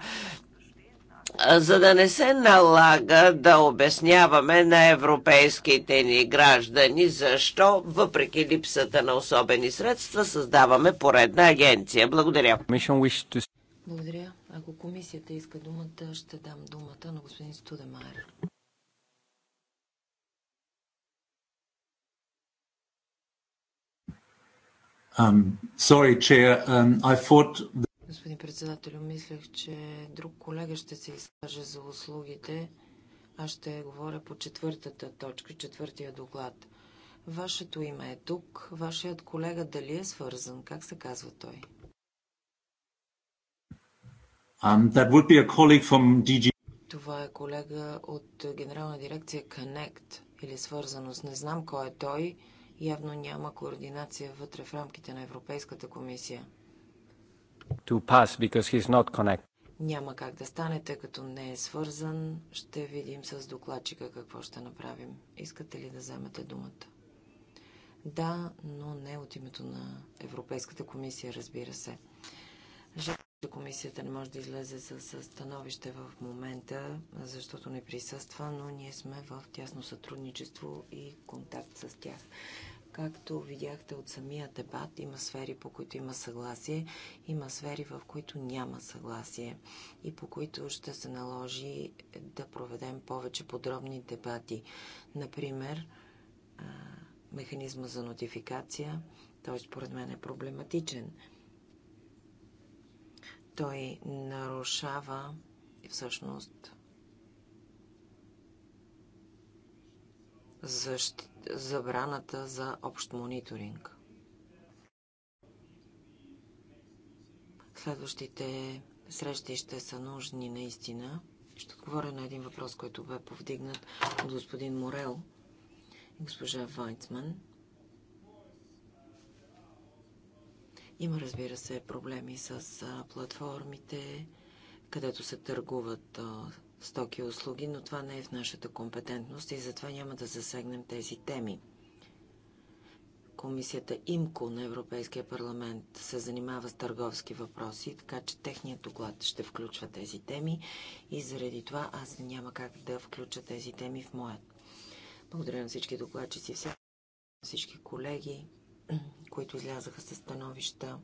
за да не се налага да обясняваме на европейските ни граждани защо, въпреки липсата на особени средства, създаваме поредна агенция. Благодаря. Благодаря. Ако комисията иска думата, ще дам думата на господин Студемайер. Um, sorry, Chair. Um, I thought господин председател, Мислех, че друг колега ще се изкаже за услугите. Аз ще говоря по четвъртата точка, четвъртия доклад. Вашето име е тук. Вашият колега дали е свързан? Как се казва той? Um, that would be a colleague from DG. Това е колега от Генерална дирекция Connect или е свързаност. Не знам кой е той. Явно няма координация вътре в рамките на Европейската комисия to pass because he's not connected. Няма как да стане, тъй като не е свързан. Ще видим с докладчика какво ще направим. Искате ли да вземете думата? Да, но не от името на Европейската комисия, разбира се. Жалко, че комисията не може да излезе с становище в момента, защото не присъства, но ние сме в тясно сътрудничество и контакт с тях. Както видяхте от самия дебат, има сфери, по които има съгласие, има сфери, в които няма съгласие и по които ще се наложи да проведем повече подробни дебати. Например, механизма за нотификация, той според мен е проблематичен. Той нарушава всъщност защ... забраната за общ мониторинг. Следващите срещи ще са нужни наистина. Ще отговоря на един въпрос, който бе повдигнат от господин Морел и госпожа Вайцман. Има, разбира се, проблеми с платформите, където се търгуват стоки и услуги, но това не е в нашата компетентност и затова няма да засегнем тези теми. Комисията ИМКО на Европейския парламент се занимава с търговски въпроси, така че техният доклад ще включва тези теми и заради това аз няма как да включа тези теми в моят. Благодаря на всички докладчици, всички колеги, които излязаха със становища.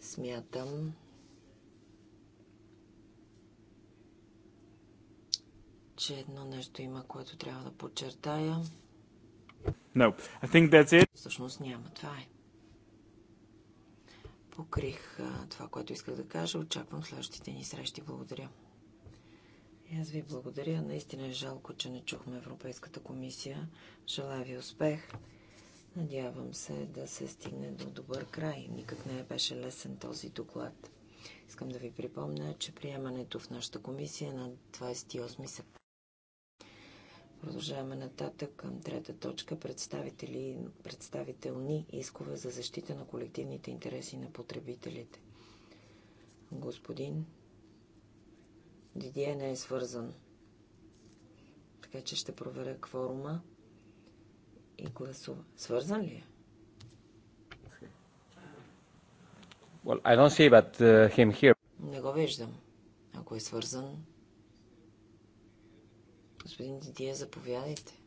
Смятам, че едно нещо има, което трябва да подчертая. No, I think that's it. Всъщност няма. Това е. Покрих а, това, което исках да кажа. Очаквам следващите ни срещи. Благодаря. И аз ви благодаря. Наистина е жалко, че не чухме Европейската комисия. Желая ви успех. Надявам се да се стигне до добър край. Никак не беше лесен този доклад. Искам да ви припомня, че приемането в нашата комисия е на 28 септември. Продължаваме нататък към трета точка. Представители, представителни искове за защита на колективните интереси на потребителите. Господин Дидие не е свързан. Така че ще проверя кворума и гласува. Свързан ли е? Well, I don't see but, uh, him here. Не го виждам. Ако е свързан, Господин Дидие, заповядайте.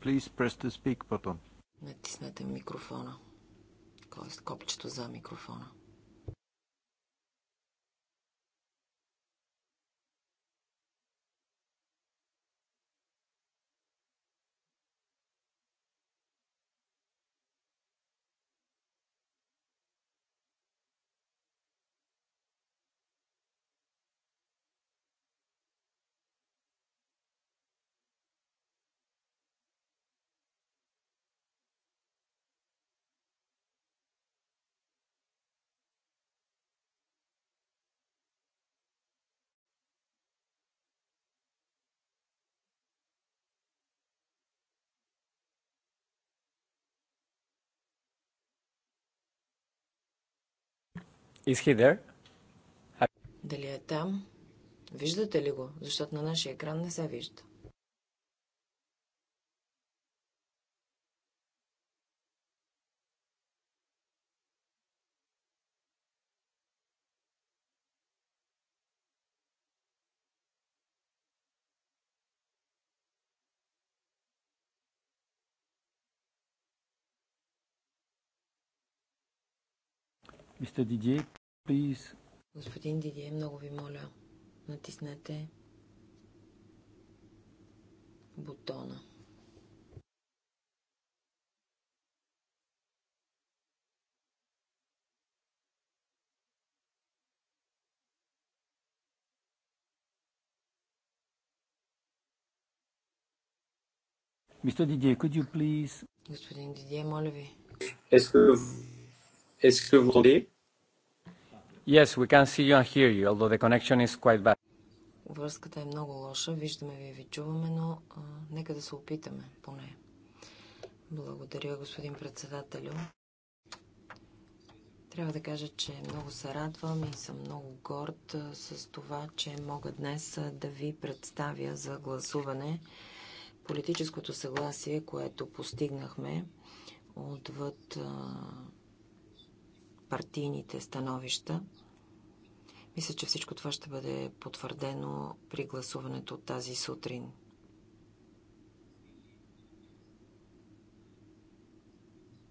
Please press the speak button. Натиснете микрофона, т.е. копчето за микрофона. Is he there? Дали е там? Виждате ли го? Защото на нашия екран не се вижда. Mr. Didier, please. Господин Дидие, много ви моля, натиснете бутона. Mr. Didier, could you please... Господин Дидие, моля ви. Est-ce que, est-ce que vous entendez? Yes, we can see you and hear you, although the connection is quite bad. Връзката е много лоша. Виждаме ви и ви чуваме, но а, нека да се опитаме поне. Благодаря, господин председателю. Трябва да кажа, че много се радвам и съм много горд с това, че мога днес да ви представя за гласуване политическото съгласие, което постигнахме отвъд партийните становища. Мисля, че всичко това ще бъде потвърдено при гласуването от тази сутрин.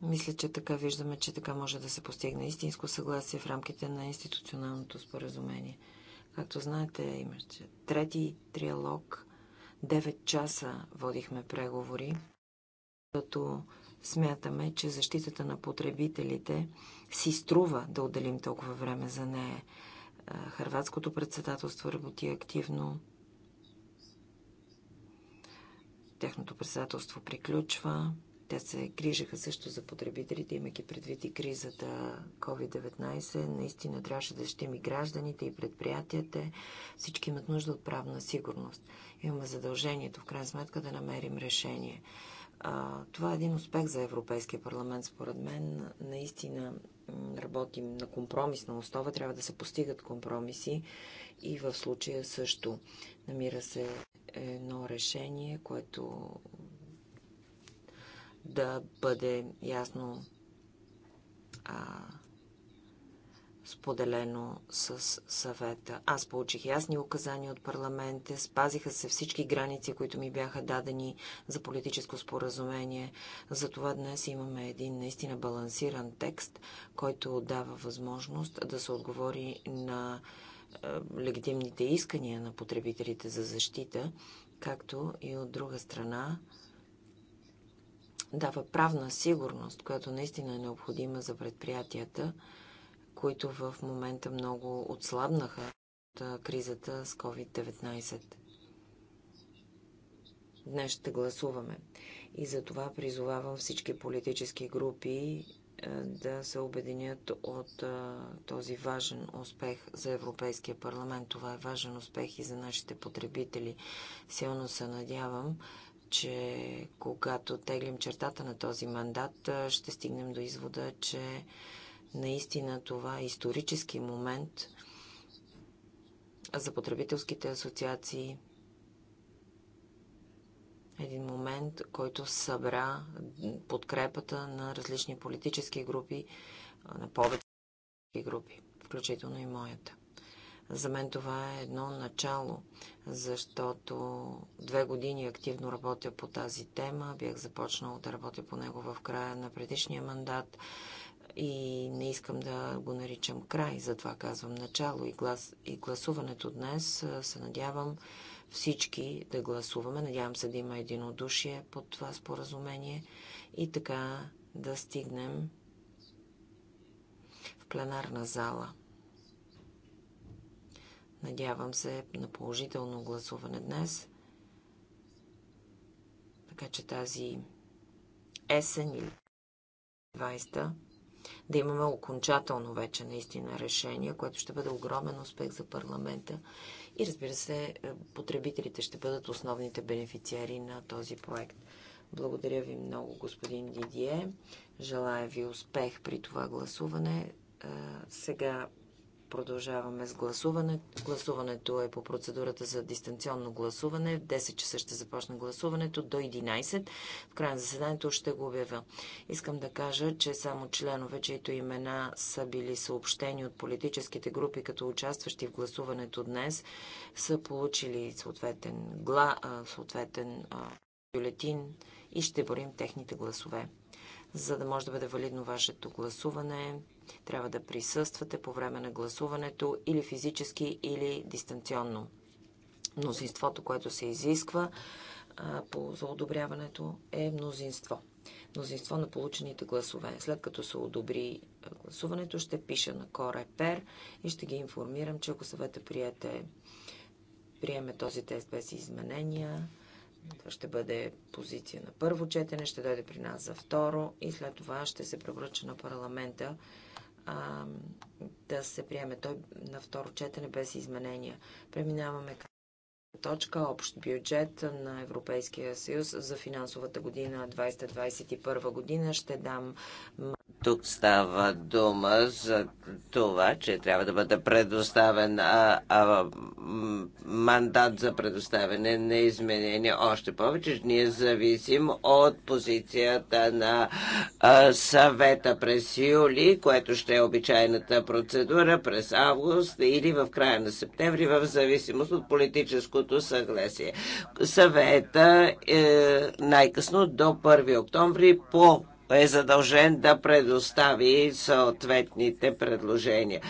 Мисля, че така виждаме, че така може да се постигне истинско съгласие в рамките на институционалното споразумение. Както знаете, имаше трети триалог. 9 часа водихме преговори, като Смятаме, че защитата на потребителите си струва да отделим толкова време за нея. Харватското председателство работи активно. Техното председателство приключва. Те се грижаха също за потребителите, имайки предвид и кризата COVID-19. Наистина трябваше да щем и гражданите, и предприятията. Всички имат нужда от правна сигурност. Имаме задължението, в крайна сметка, да намерим решение. А, това е един успех за Европейския парламент, според мен. Наистина работим на компромисна основа, трябва да се постигат компромиси и в случая също намира се едно решение, което да бъде ясно а, споделено с съвета. Аз получих ясни указания от парламента, спазиха се всички граници, които ми бяха дадени за политическо споразумение. Затова днес имаме един наистина балансиран текст, който дава възможност да се отговори на е, легитимните искания на потребителите за защита, както и от друга страна дава правна сигурност, която наистина е необходима за предприятията, които в момента много отслабнаха от кризата с COVID-19. Днес ще гласуваме. И за това призовавам всички политически групи да се обединят от този важен успех за Европейския парламент. Това е важен успех и за нашите потребители. Силно се надявам, че когато теглим чертата на този мандат, ще стигнем до извода, че Наистина това е исторически момент за потребителските асоциации. Един момент, който събра подкрепата на различни политически групи, на повече групи, включително и моята. За мен това е едно начало, защото две години активно работя по тази тема. Бях започнала да работя по него в края на предишния мандат и не искам да го наричам край, затова казвам начало и, глас, и гласуването днес. Се надявам всички да гласуваме. Надявам се да има единодушие под това споразумение и така да стигнем в пленарна зала. Надявам се на положително гласуване днес, така че тази есен или 20 да имаме окончателно вече наистина решение, което ще бъде огромен успех за парламента и разбира се, е, потребителите ще бъдат основните бенефициари на този проект. Благодаря ви много, господин Дидие. Желая ви успех при това гласуване. Е, сега Продължаваме с гласуване. Гласуването е по процедурата за дистанционно гласуване. В 10 часа ще започне гласуването до 11. В края на заседанието ще го обявя. Искам да кажа, че само членове, чието имена са били съобщени от политическите групи като участващи в гласуването днес, са получили съответен, гла, съответен бюлетин и ще борим техните гласове. За да може да бъде валидно вашето гласуване, трябва да присъствате по време на гласуването или физически, или дистанционно. Мнозинството, което се изисква по, за одобряването, е мнозинство. Мнозинство на получените гласове. След като се одобри гласуването, ще пиша на Пер и ще ги информирам, че ако съвета приете, приеме този тест без изменения, това ще бъде позиция на първо четене, ще дойде при нас за второ и след това ще се превръча на парламента а, да се приеме той на второ четене без изменения. Преминаваме към точка общ бюджет на Европейския съюз за финансовата година 2021 година. Ще дам тук става дума за това, че трябва да бъде предоставен а, а, мандат за предоставяне на изменения. Още повече ние зависим от позицията на а, съвета през юли, което ще е обичайната процедура през август или в края на септември, в зависимост от политическото съгласие. Съвета е, най-късно до 1 октомври по е задължен да предостави съответните предложения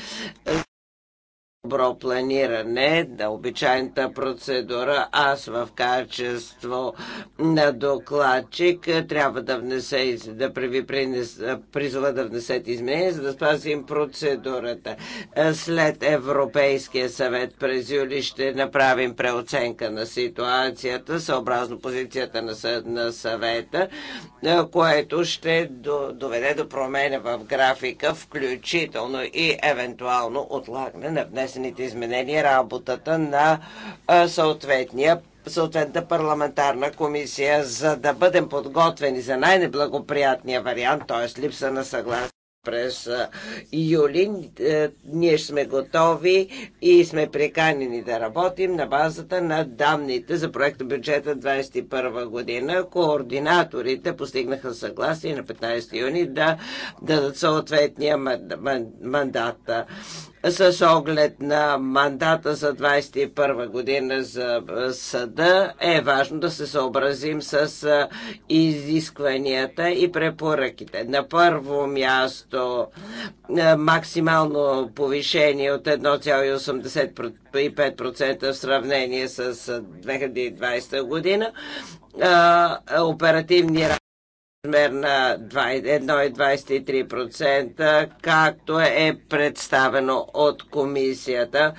добро планиране, да обичайната процедура, аз в качество на докладчик трябва да внесе, да ви призова да внесете изменения, за да спазим процедурата. Е, след Европейския съвет през юли ще направим преоценка на ситуацията, съобразно позицията на, на съвета, е, което ще доведе до промене в графика, включително и евентуално отлагане на внесение внесените изменения работата на съответния съответната парламентарна комисия, за да бъдем подготвени за най-неблагоприятния вариант, т.е. липса на съгласие през юли. Е, ние сме готови и сме приканени да работим на базата на данните за проекта бюджета 2021 година. Координаторите постигнаха съгласие на 15 юни да дадат съответния мандат с оглед на мандата за 2021 година за съда е важно да се съобразим с изискванията и препоръките. На първо място максимално повишение от 1,85% в сравнение с 2020 година оперативни размер на 1,23%, както е представено от комисията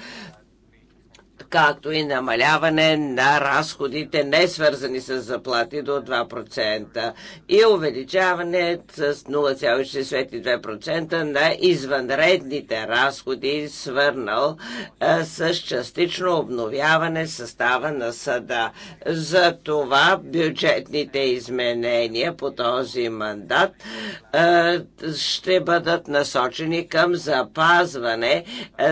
както и намаляване на разходите, не свързани с заплати до 2% и увеличаване с 0,62% на извънредните разходи, свърнал а, с частично обновяване състава на съда. За това бюджетните изменения по този мандат а, ще бъдат насочени към запазване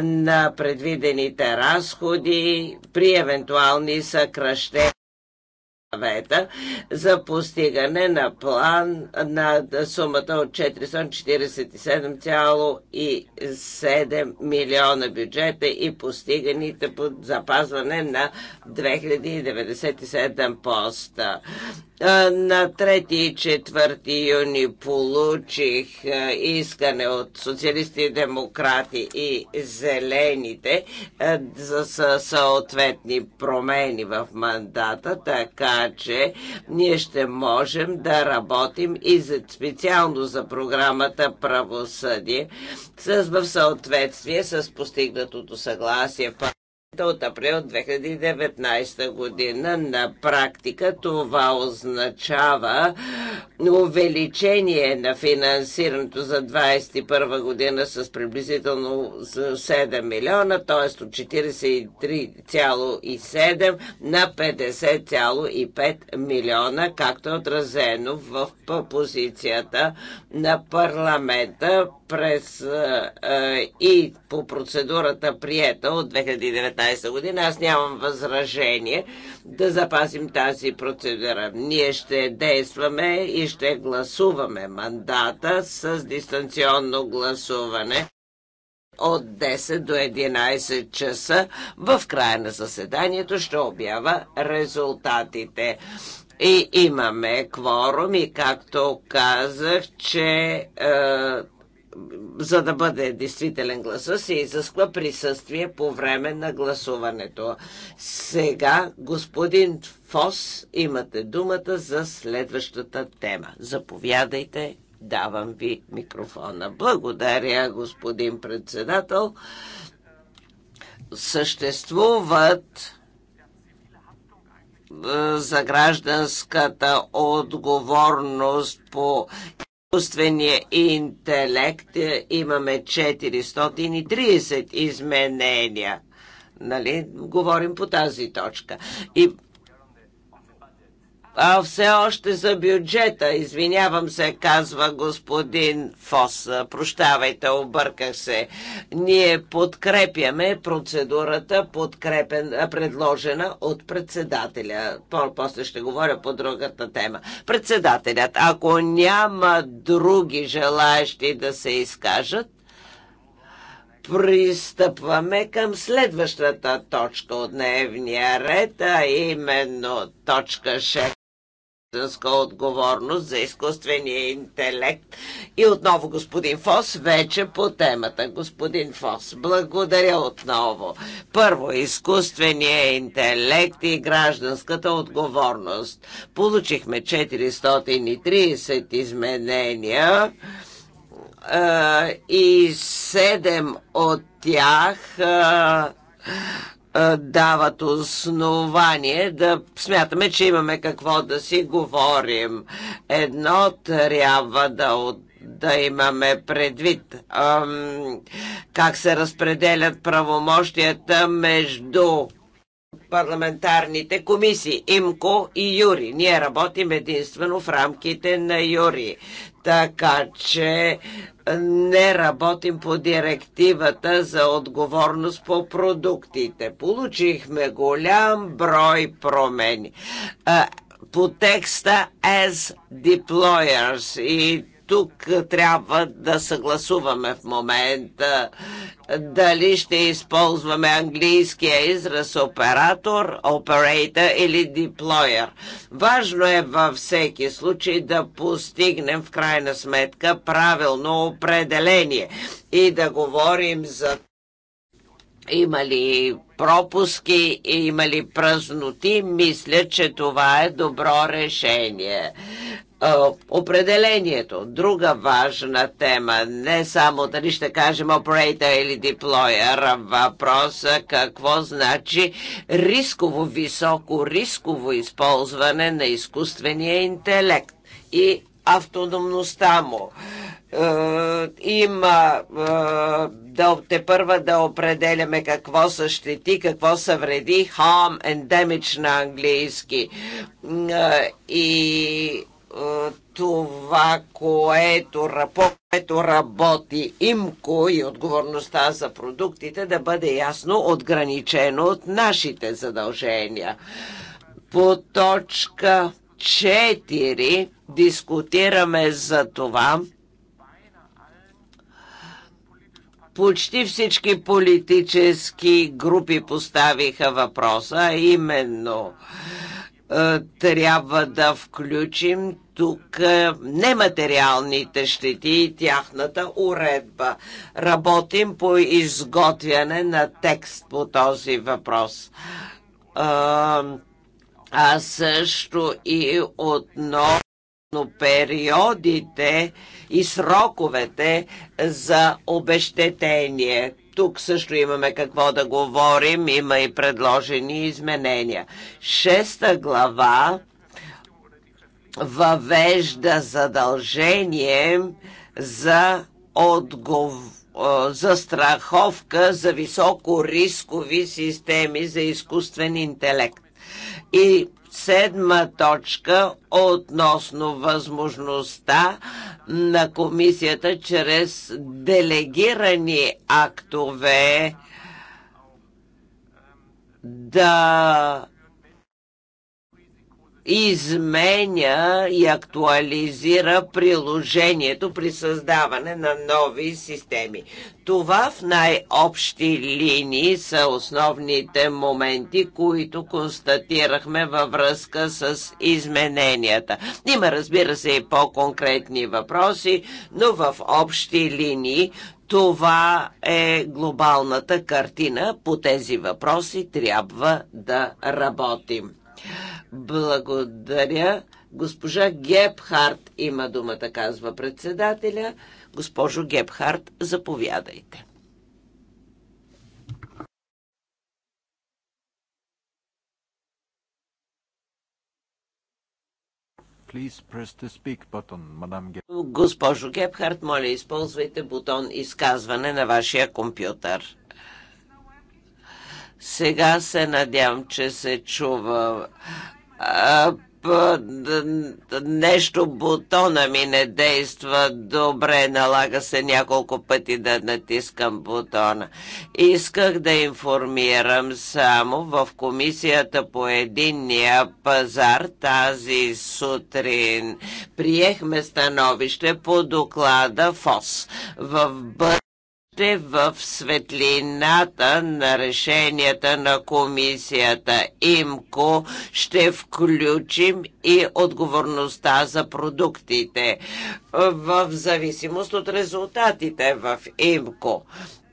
на предвидените разходи при евентуални съкръщения съвета за постигане на план на сумата от 447,7 милиона бюджета и постиганите под запазване на 2097 поста. На 3 и 4 юни получих искане от социалисти, демократи и зелените за съответни промени в мандата, така така че ние ще можем да работим и за, специално за програмата правосъдие в съответствие с постигнатото съгласие от април 2019 година. На практика това означава увеличение на финансирането за 2021 година с приблизително 7 милиона, т.е. от 43,7 на 50,5 милиона, както е отразено в позицията на парламента през е, и по процедурата приета от 2019 2015 година. Аз нямам възражение да запазим тази процедура. Ние ще действаме и ще гласуваме мандата с дистанционно гласуване от 10 до 11 часа. В края на заседанието ще обява резултатите. И имаме кворум и както казах, че е, за да бъде действителен гласа, се изисква присъствие по време на гласуването. Сега, господин Фос, имате думата за следващата тема. Заповядайте, давам ви микрофона. Благодаря, господин председател. Съществуват е, за гражданската отговорност по изкуствения интелект е, имаме 430 изменения. Нали? Говорим по тази точка. И а, все още за бюджета, извинявам се, казва господин Фос. Прощавайте, обърках се. Ние подкрепяме процедурата, подкрепен, предложена от председателя. После ще говоря по другата тема. Председателят, ако няма други желаящи да се изкажат, пристъпваме към следващата точка от дневния ред, а именно точка 6 отговорност за изкуствения интелект. И отново господин Фос, вече по темата. Господин Фос, благодаря отново. Първо, изкуствения интелект и гражданската отговорност. Получихме 430 изменения и 7 от тях дават основание да смятаме, че имаме какво да си говорим. Едно трябва да от да имаме предвид ам, как се разпределят правомощията между парламентарните комисии ИМКО и ЮРИ. Ние работим единствено в рамките на ЮРИ. Така че е, не работим по директивата за отговорност по продуктите. Получихме голям брой промени е, по текста as deployers и тук трябва да съгласуваме в момента дали ще използваме английския израз оператор, оперейтър или диплоер. Важно е във всеки случай да постигнем в крайна сметка правилно определение и да говорим за има ли пропуски, има ли празноти, мисля, че това е добро решение определението. Друга важна тема, не само дали ще кажем operator или диплоер, въпроса какво значи рисково, високо рисково използване на изкуствения интелект и автономността му. Е, има е, да те първа да определяме какво са щети, какво са вреди, harm and damage на английски. Е, и е, това, което, по което работи имко и отговорността за продуктите да бъде ясно отграничено от нашите задължения. По точка 4 дискутираме за това, почти всички политически групи поставиха въпроса, именно е, трябва да включим тук е, нематериалните щети и тяхната уредба. Работим по изготвяне на текст по този въпрос. Е, а също и отново периодите и сроковете за обещетение тук също имаме какво да говорим, има и предложени изменения. Шеста глава въвежда задължение за отговор за страховка за високо рискови системи за изкуствен интелект. И Седма точка относно възможността на комисията чрез делегирани актове да изменя и актуализира приложението при създаване на нови системи. Това в най-общи линии са основните моменти, които констатирахме във връзка с измененията. Има, разбира се, и по-конкретни въпроси, но в общи линии това е глобалната картина. По тези въпроси трябва да работим. Благодаря. Госпожа Гепхарт има думата, казва председателя. Госпожо Гепхарт, заповядайте. Button, Госпожо Гепхарт, моля, използвайте бутон изказване на вашия компютър. Сега се надявам, че се чува нещо бутона ми не действа добре, налага се няколко пъти да натискам бутона. Исках да информирам само в комисията по единния пазар тази сутрин. Приехме становище по доклада ФОС в Бър още в светлината на решенията на комисията ИМКО ще включим и отговорността за продуктите в зависимост от резултатите в ИМКО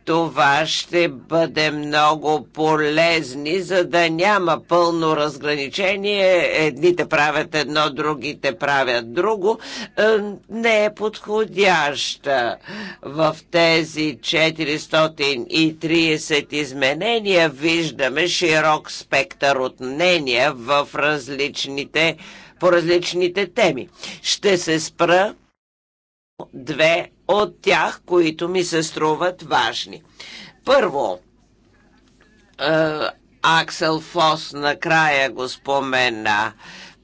това ще бъде много полезни, за да няма пълно разграничение. Едните правят едно, другите правят друго. Е, не е подходяща. В тези 430 изменения виждаме широк спектър от мнения в различните, по различните теми. Ще се спра две от тях, които ми се струват важни. Първо, е, Аксел Фос накрая го спомена.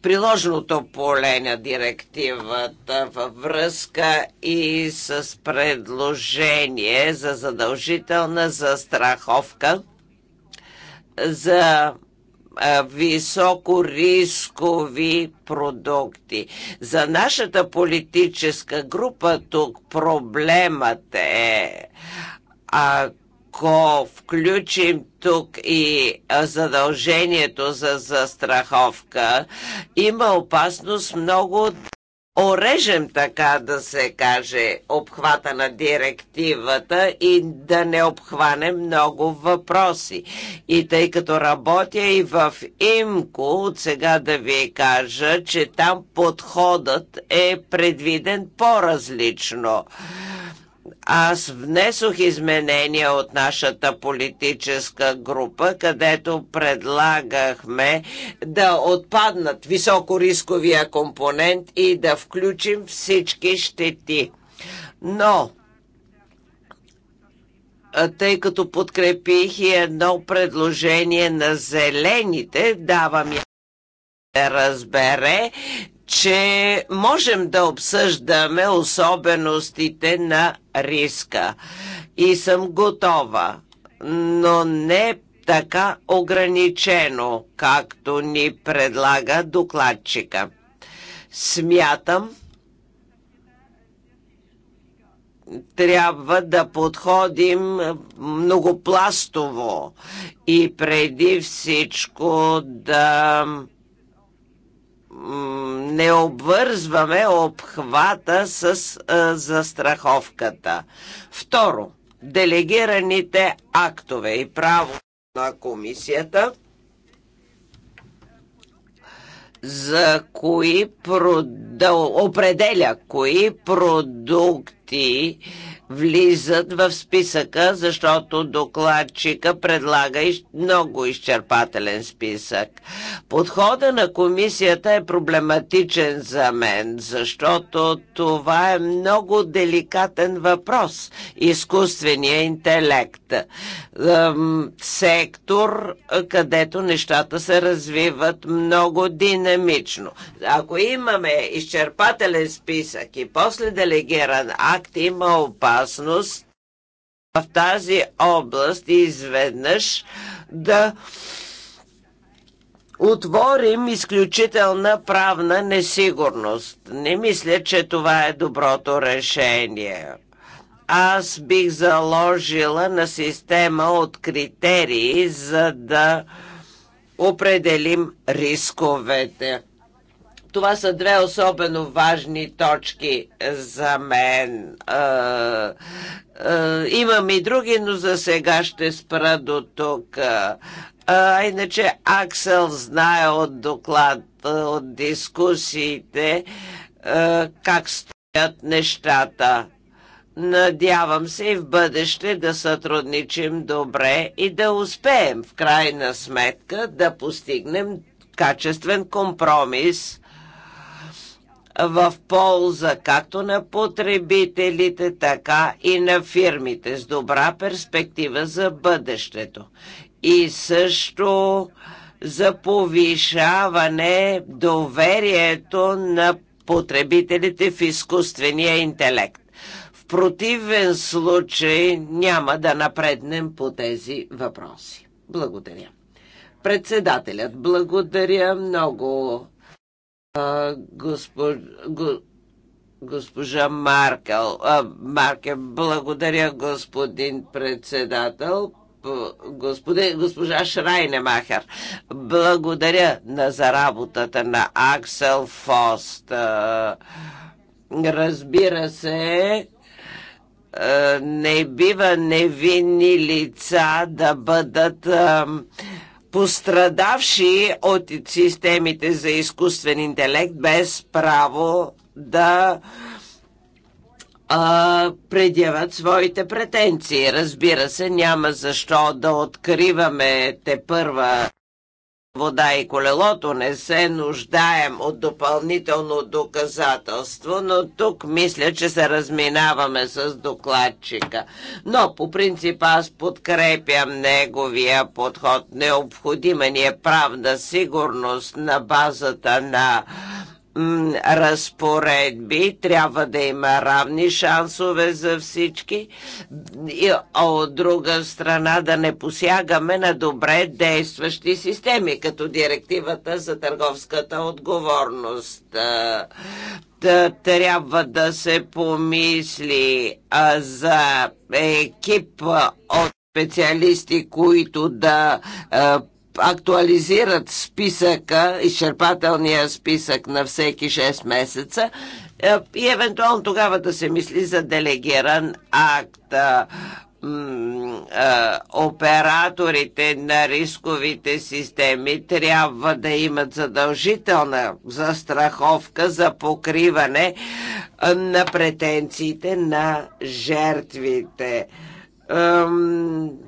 Приложното поле на директивата във връзка и с предложение за задължителна застраховка за високо рискови продукти. За нашата политическа група тук проблемът е ако включим тук и задължението за застраховка, има опасност много орежем, така да се каже, обхвата на директивата и да не обхване много въпроси. И тъй като работя и в ИМКО, от сега да ви кажа, че там подходът е предвиден по-различно. Аз внесох изменения от нашата политическа група, където предлагахме да отпаднат високорисковия компонент и да включим всички щети. Но тъй като подкрепих и едно предложение на зелените, давам я да разбере, че можем да обсъждаме особеностите на риска. И съм готова, но не така ограничено, както ни предлага докладчика. Смятам, трябва да подходим многопластово и преди всичко да не обвързваме обхвата с а, застраховката. Второ, делегираните актове и право на комисията за кои да определя кои продукти влизат в списъка, защото докладчика предлага много изчерпателен списък. Подхода на комисията е проблематичен за мен, защото това е много деликатен въпрос. Изкуственият интелект. Сектор, където нещата се развиват много динамично. Ако имаме изчерпателен списък и после делегиран акт, има опасност опасност в тази област и изведнъж да отворим изключителна правна несигурност. Не мисля, че това е доброто решение. Аз бих заложила на система от критерии, за да определим рисковете. Това са две особено важни точки за мен. Имам и други, но за сега ще спра до тук. А иначе Аксел знае от доклад, от дискусиите, как стоят нещата. Надявам се и в бъдеще да сътрудничим добре и да успеем в крайна сметка да постигнем качествен компромис в полза както на потребителите, така и на фирмите с добра перспектива за бъдещето. И също за повишаване доверието на потребителите в изкуствения интелект. В противен случай няма да напреднем по тези въпроси. Благодаря. Председателят, благодаря много. Госпож, го, госпожа Маркел. А, Маркел, благодаря, господин председател. Господин, госпожа Шрайнемахер, благодаря на, за работата на Аксел Фост. А, разбира се, а, не бива невинни лица да бъдат а, пострадавши от системите за изкуствен интелект без право да а, предяват своите претенции. Разбира се, няма защо да откриваме те първа вода и колелото не се нуждаем от допълнително доказателство, но тук мисля, че се разминаваме с докладчика. Но по принцип аз подкрепям неговия подход. Необходима ни е правна сигурност на базата на разпоредби, трябва да има равни шансове за всички, а от друга страна да не посягаме на добре действащи системи, като директивата за търговската отговорност. Трябва да се помисли за екип от специалисти, които да актуализират списъка, изчерпателния списък на всеки 6 месеца е, и евентуално тогава да се мисли за делегиран акт операторите на рисковите системи трябва да имат задължителна застраховка за покриване на претенциите на жертвите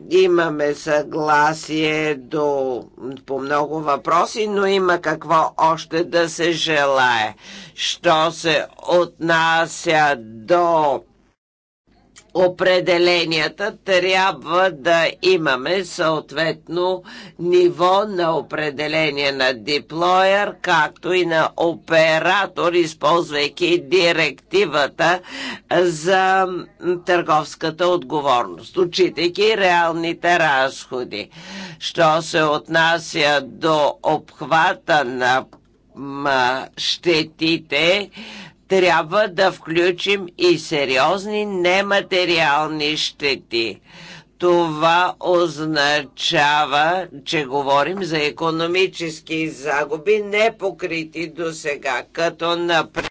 имаме съгласие до, по много въпроси, но има какво още да се желае. Що се отнася до определенията трябва да имаме съответно ниво на определение на диплоер, както и на оператор, използвайки директивата за търговската отговорност, учитайки реалните разходи. Що се отнася до обхвата на щетите, трябва да включим и сериозни нематериални щети. Това означава, че говорим за економически загуби, непокрити до сега, като например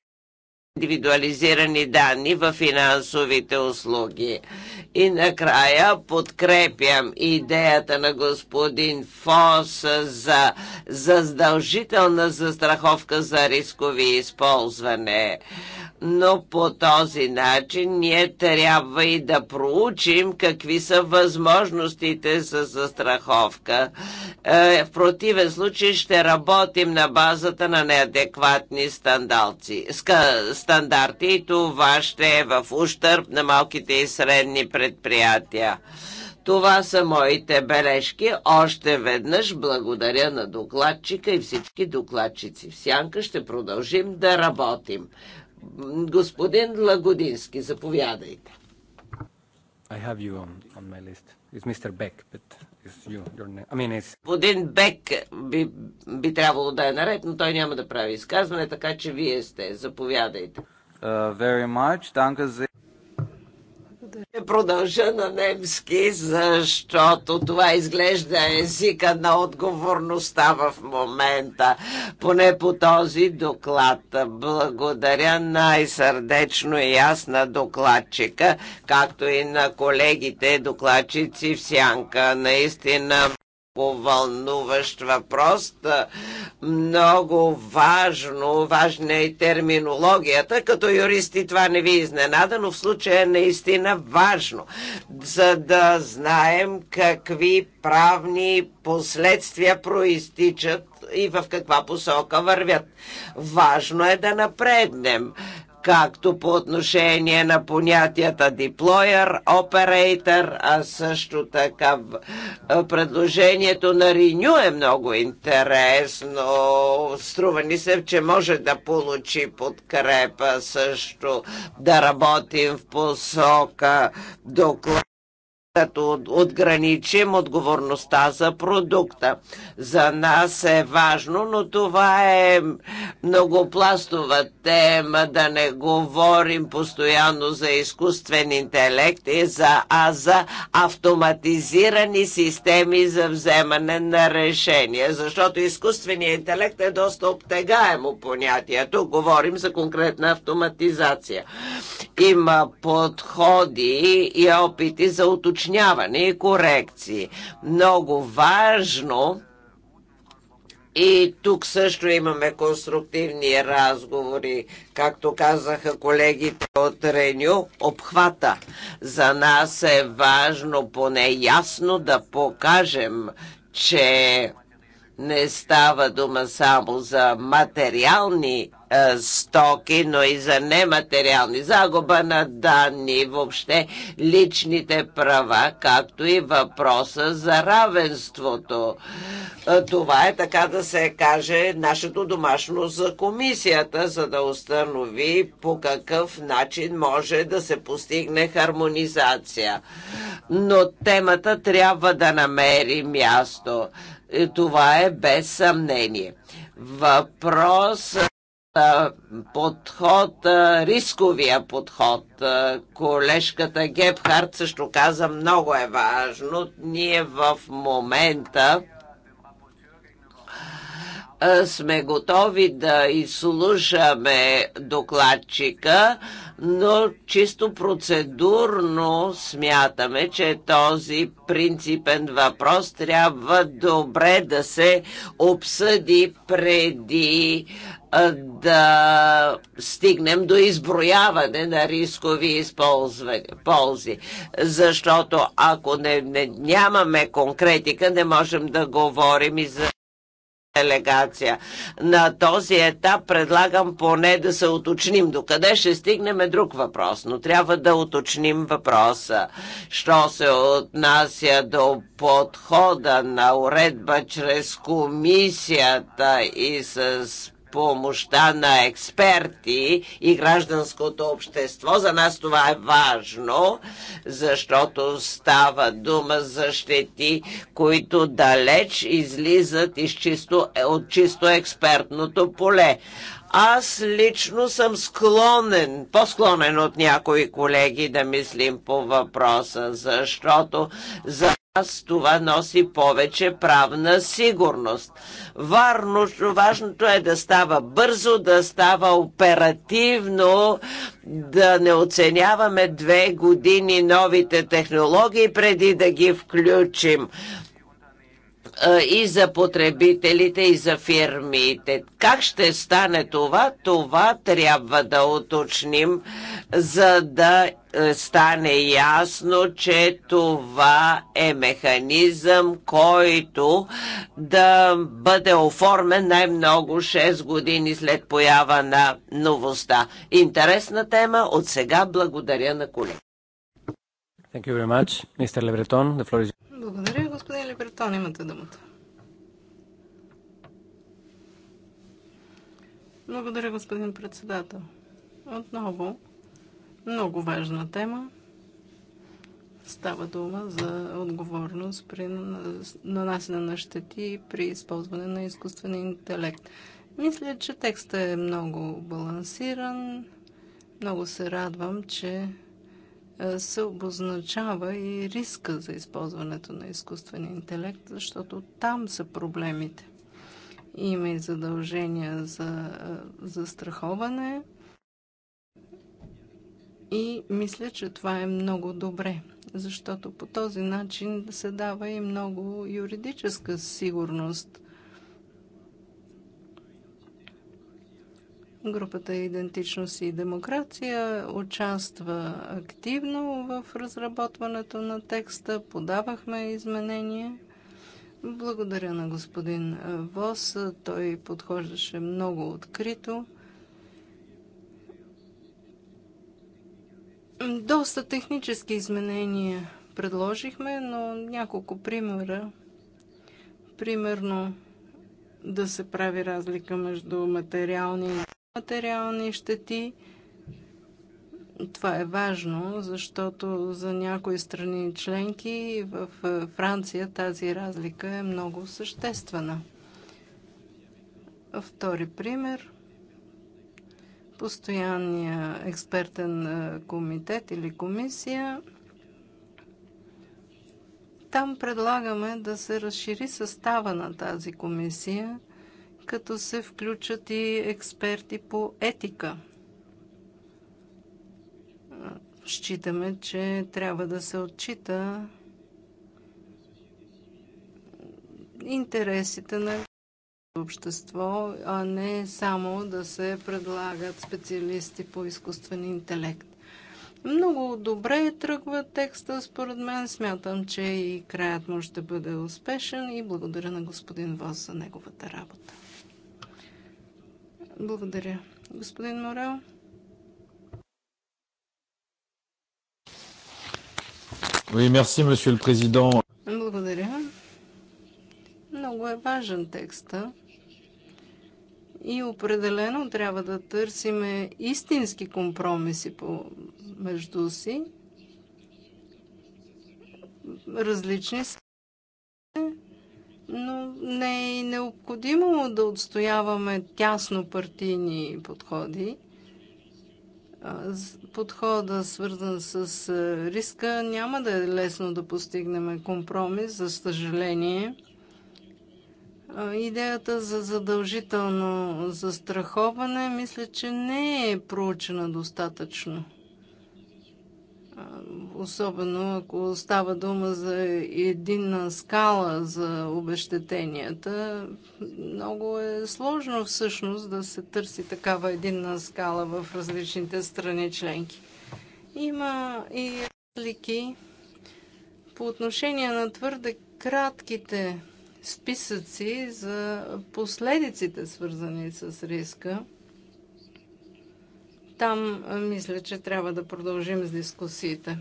индивидуализирани данни в финансовите услуги. И накрая подкрепям идеята на господин Фос за задължителна застраховка за рискови използване но по този начин ние трябва и да проучим какви са възможностите за застраховка. Е, в противен случай ще работим на базата на неадекватни стандарти и това ще е в ущърп на малките и средни предприятия. Това са моите бележки. Още веднъж благодаря на докладчика и всички докладчици. В сянка ще продължим да работим. Господин Лагодински, заповядайте. I have you on, on my list. It's Mr. Beck, but it's you, your name. I mean, it's... Господин Бек би, би трябвало да е наред, но той няма да прави изказване, така че вие сте. Заповядайте. Uh, very much. Danke ще продължа на немски, защото това изглежда езика на отговорността в момента, поне по този доклад. Благодаря най-сърдечно и аз на докладчика, както и на колегите докладчици в Сянка. Наистина вълнуващ въпрос. Много важно, важна е терминологията. Като юристи това не ви изненада, но в случая е наистина важно, за да знаем какви правни последствия проистичат и в каква посока вървят. Важно е да напреднем както по отношение на понятията диплоер, operator, а също така предложението на Renew е много интересно. Струва ни се, че може да получи подкрепа също да работим в посока доклад като отграничим отговорността за продукта. За нас е важно, но това е многопластова тема, да не говорим постоянно за изкуствен интелект, и за, а за автоматизирани системи за вземане на решения, защото изкуственият интелект е доста обтегаемо понятие. Тук говорим за конкретна автоматизация. Има подходи и опити за уточнение уточняване и корекции. Много важно и тук също имаме конструктивни разговори, както казаха колегите от Реню, обхвата. За нас е важно поне ясно да покажем, че не става дума само за материални а, е, стоки, но и за нематериални. Загуба на данни, въобще личните права, както и въпроса за равенството. Е, това е така да се каже нашето домашно за комисията, за да установи по какъв начин може да се постигне хармонизация. Но темата трябва да намери място. Това е без съмнение. Въпрос подход, рисковия подход. Колежката Гебхарт също каза много е важно. Ние в момента сме готови да изслушаме докладчика, но чисто процедурно смятаме, че този принципен въпрос трябва добре да се обсъди преди да стигнем до изброяване на рискови ползи. Защото ако не, не, нямаме конкретика, не можем да говорим и за делегация. На този етап предлагам поне да се уточним. Докъде ще стигнем е друг въпрос, но трябва да уточним въпроса. Що се отнася до подхода на уредба чрез комисията и с помощта на експерти и гражданското общество. За нас това е важно, защото става дума за щети, които далеч излизат из чисто, от чисто експертното поле. Аз лично съм склонен, по-склонен от някои колеги да мислим по въпроса, защото за нас това носи повече правна сигурност. Варно, важното е да става бързо, да става оперативно, да не оценяваме две години новите технологии преди да ги включим и за потребителите, и за фирмите. Как ще стане това? Това трябва да уточним, за да е, стане ясно, че това е механизъм, който да бъде оформен най-много 6 години след поява на новостта. Интересна тема. От сега благодаря на колеги. Благодаря. Господин Либертон, имате думата. Благодаря, господин председател. Отново много важна тема. Става дума за отговорност при нанасене на щети при използване на изкуствен интелект. Мисля, че текстът е много балансиран. Много се радвам, че е, се обозначава и риска за използването на изкуствения интелект, защото там са проблемите. Има и задължения за е, застраховане и мисля, че това е много добре, защото по този начин се дава и много юридическа сигурност – Групата Идентичност и демокрация участва активно в разработването на текста. Подавахме изменения. Благодаря на господин Вос. Той подхождаше много открито. Доста технически изменения предложихме, но няколко примера. Примерно да се прави разлика между материални материални щети. Това е важно, защото за някои страни членки в е, Франция тази разлика е много съществена. Втори пример. Постоянния експертен е, комитет или комисия. Там предлагаме да се разшири състава на тази комисия – като се включат и експерти по етика. Считаме, че трябва да се отчита интересите на общество, а не само да се предлагат специалисти по изкуствен интелект. Много добре тръгва текста, според мен. Смятам, че и краят може да бъде успешен и благодаря на господин Вос за неговата работа. Благодаря. Господин Морел. Oui, merci, monsieur le président. Благодаря. Много е важен текста. И определено трябва да търсиме истински компромиси между си. Различни са но не е необходимо да отстояваме тясно партийни подходи. Подхода, свързан с риска, няма да е лесно да постигнем компромис, за съжаление. Идеята за задължително застраховане мисля, че не е проучена достатъчно особено ако става дума за единна скала за обещетенията. Много е сложно всъщност да се търси такава единна скала в различните страни членки. Има и разлики по отношение на твърде кратките списъци за последиците, свързани с риска. Там мисля, че трябва да продължим с дискусиите.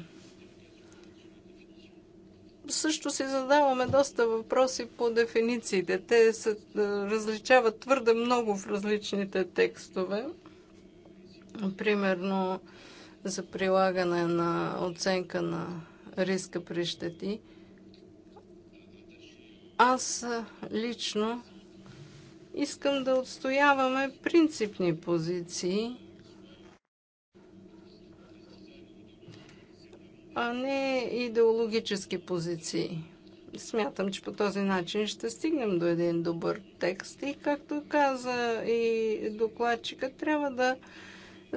Също си задаваме доста въпроси по дефинициите. Те се различават твърде много в различните текстове. Примерно за прилагане на оценка на риска при щети. Аз лично искам да отстояваме принципни позиции а не идеологически позиции. Смятам, че по този начин ще стигнем до един добър текст и както каза и докладчика, трябва да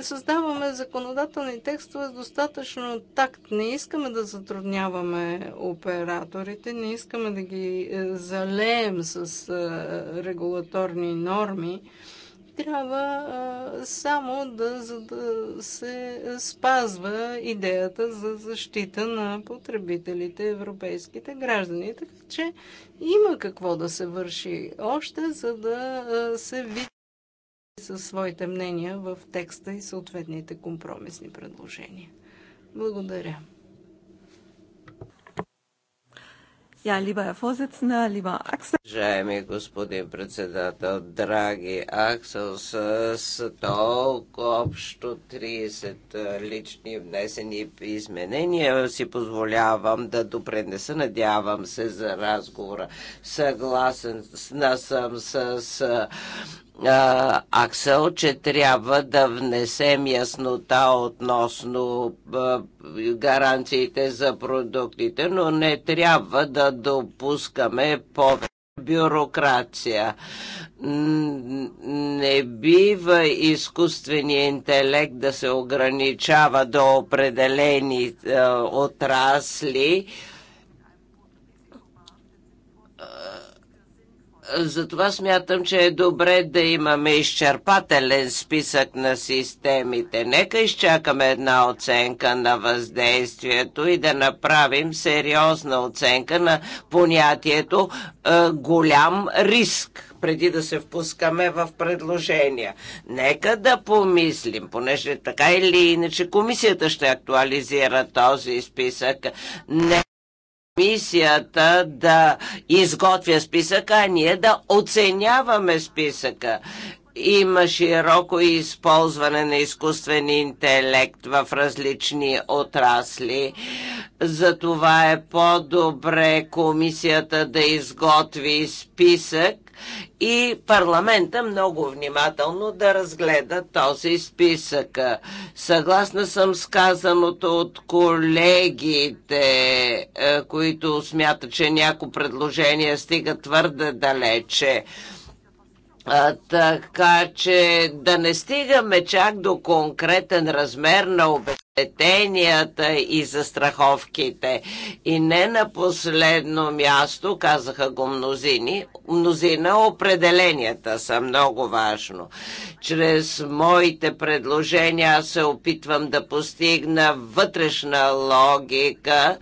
създаваме законодателни текстове с достатъчно такт. Не искаме да затрудняваме операторите, не искаме да ги е, залеем с е, регулаторни норми трябва а, само да, за да се спазва идеята за защита на потребителите, европейските граждани. Така че има какво да се върши още, за да а, се види със своите мнения в текста и съответните компромисни предложения. Благодаря. Ja, lieber Herr Vorsitzender, lieber Axel. Уважаеми господин председател, драги Аксел, с, толкова общо 30 лични внесени изменения си позволявам да допренеса, надявам се, за разговора. Съгласен съм с, с Аксел, че трябва да внесем яснота относно гаранциите за продуктите, но не трябва да допускаме повече бюрокрация. Не бива изкуствения интелект да се ограничава до определени е, отрасли, Затова смятам, че е добре да имаме изчерпателен списък на системите. Нека изчакаме една оценка на въздействието и да направим сериозна оценка на понятието е, голям риск преди да се впускаме в предложения. Нека да помислим, понеже така или иначе комисията ще актуализира този списък. Не комисията да изготвя списъка, а ние да оценяваме списъка. Има широко използване на изкуствен интелект в различни отрасли. Затова е по-добре комисията да изготви списък и парламента много внимателно да разгледа този списък. Съгласна съм с казаното от колегите, е, които смятат, че някои предложения стигат твърде далече. А, така че да не стигаме чак до конкретен размер на обещание обещетенията и застраховките. И не на последно място, казаха го мнозини, мнозина определенията са много важно. Чрез моите предложения аз се опитвам да постигна вътрешна логика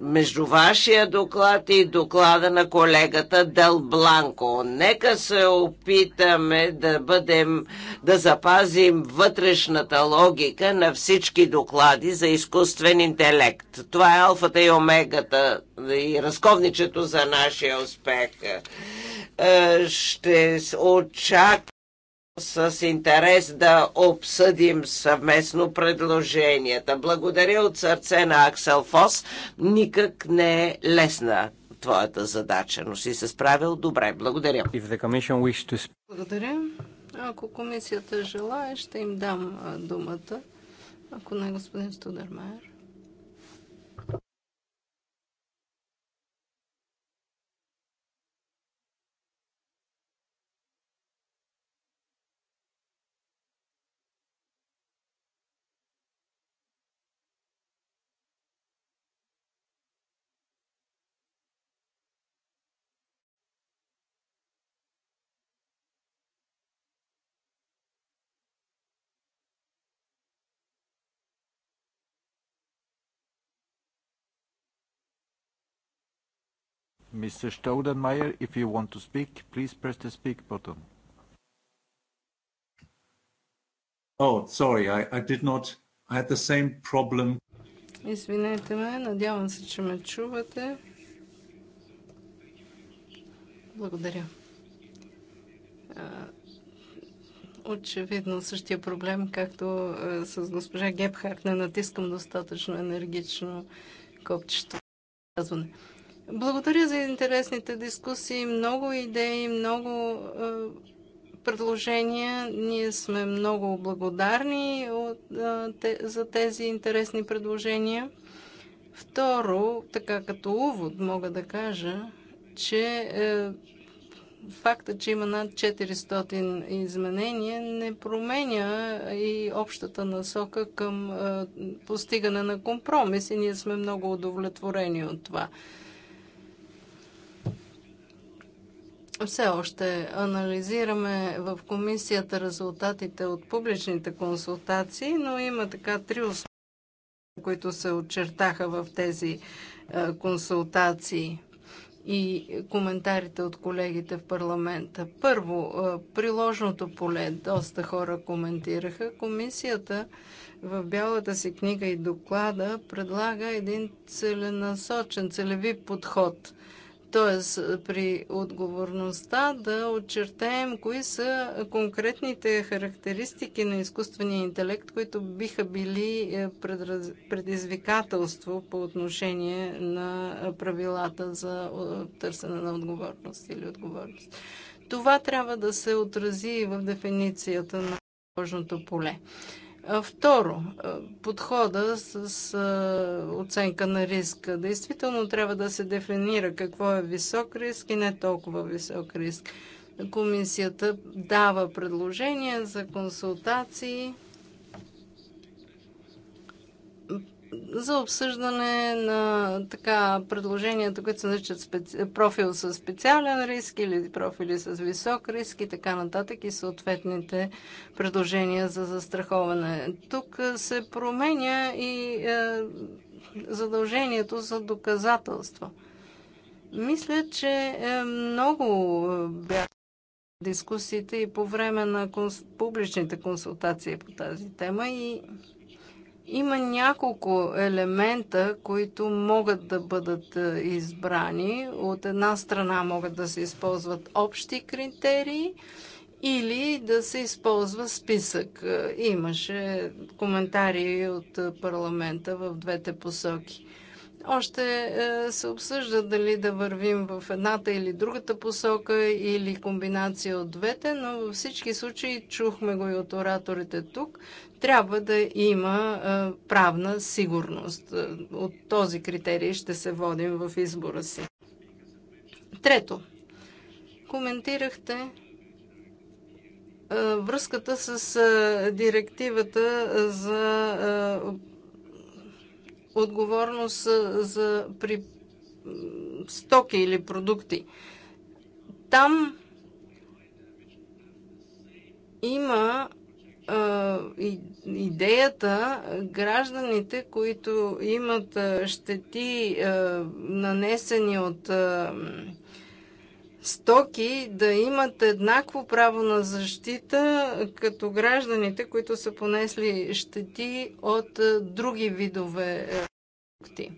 между вашия доклад и доклада на колегата Дел Бланко. Нека се опитаме да бъдем, да запазим вътрешната логика на всички доклади за изкуствен интелект. Това е алфата и омегата и разковничето за нашия успех ще очаквам с интерес да обсъдим съвместно предложенията. Благодаря от сърце на Аксел Фос. Никак не е лесна твоята задача, но си се справил добре. Благодаря. To... Благодаря. Ако комисията желая, ще им дам думата. Ако не, господин Студермайер. Mr. Staudenmayer, if you want to speak, please press the speak button. Oh, sorry, I, did not. I had the same problem. Извинете ме, надявам се, че ме чувате. Благодаря. Очевидно същия проблем, както с госпожа Гепхарт, не натискам достатъчно енергично копчето. Благодаря за интересните дискусии, много идеи, много е, предложения. Ние сме много благодарни от, е, те, за тези интересни предложения. Второ, така като увод мога да кажа, че е, факта, че има над 400 изменения, не променя и общата насока към е, постигане на компромис и ние сме много удовлетворени от това. Все още анализираме в комисията резултатите от публичните консултации, но има така три условия, които се очертаха в тези е, консултации и коментарите от колегите в парламента. Първо, е, приложното поле. Доста хора коментираха. Комисията в бялата си книга и доклада предлага един целенасочен, целеви подход – т.е. при отговорността да очертаем кои са конкретните характеристики на изкуствения интелект, които биха били е, предизвикателство по отношение на правилата за е, търсене на отговорност или отговорност. Това трябва да се отрази и в дефиницията на възможното поле. Второ, подхода с оценка на риска. Действително трябва да се дефинира какво е висок риск и не толкова висок риск. Комисията дава предложения за консултации за обсъждане на така предложенията, които се наричат специ... профил с специален риск или профили с висок риск и така нататък и съответните предложения за застраховане. Тук се променя и е, задължението за доказателства. Мисля, че е, много бяха дискусиите и по време на публичните консултации по тази тема и има няколко елемента, които могат да бъдат е, избрани. От една страна могат да се използват общи критерии или да се използва списък. Е, имаше коментари от парламента в двете посоки. Още е, се обсъжда дали да вървим в едната или другата посока или комбинация от двете, но във всички случаи, чухме го и от ораторите тук, трябва да има е, правна сигурност. Е, от този критерий ще се водим в избора си. Трето, коментирахте връзката с директивата за отговорност за при стоки или продукти. Там има идеята гражданите, които имат щети нанесени от стоки да имат еднакво право на защита като гражданите, които са понесли щети от е, други видове е, продукти.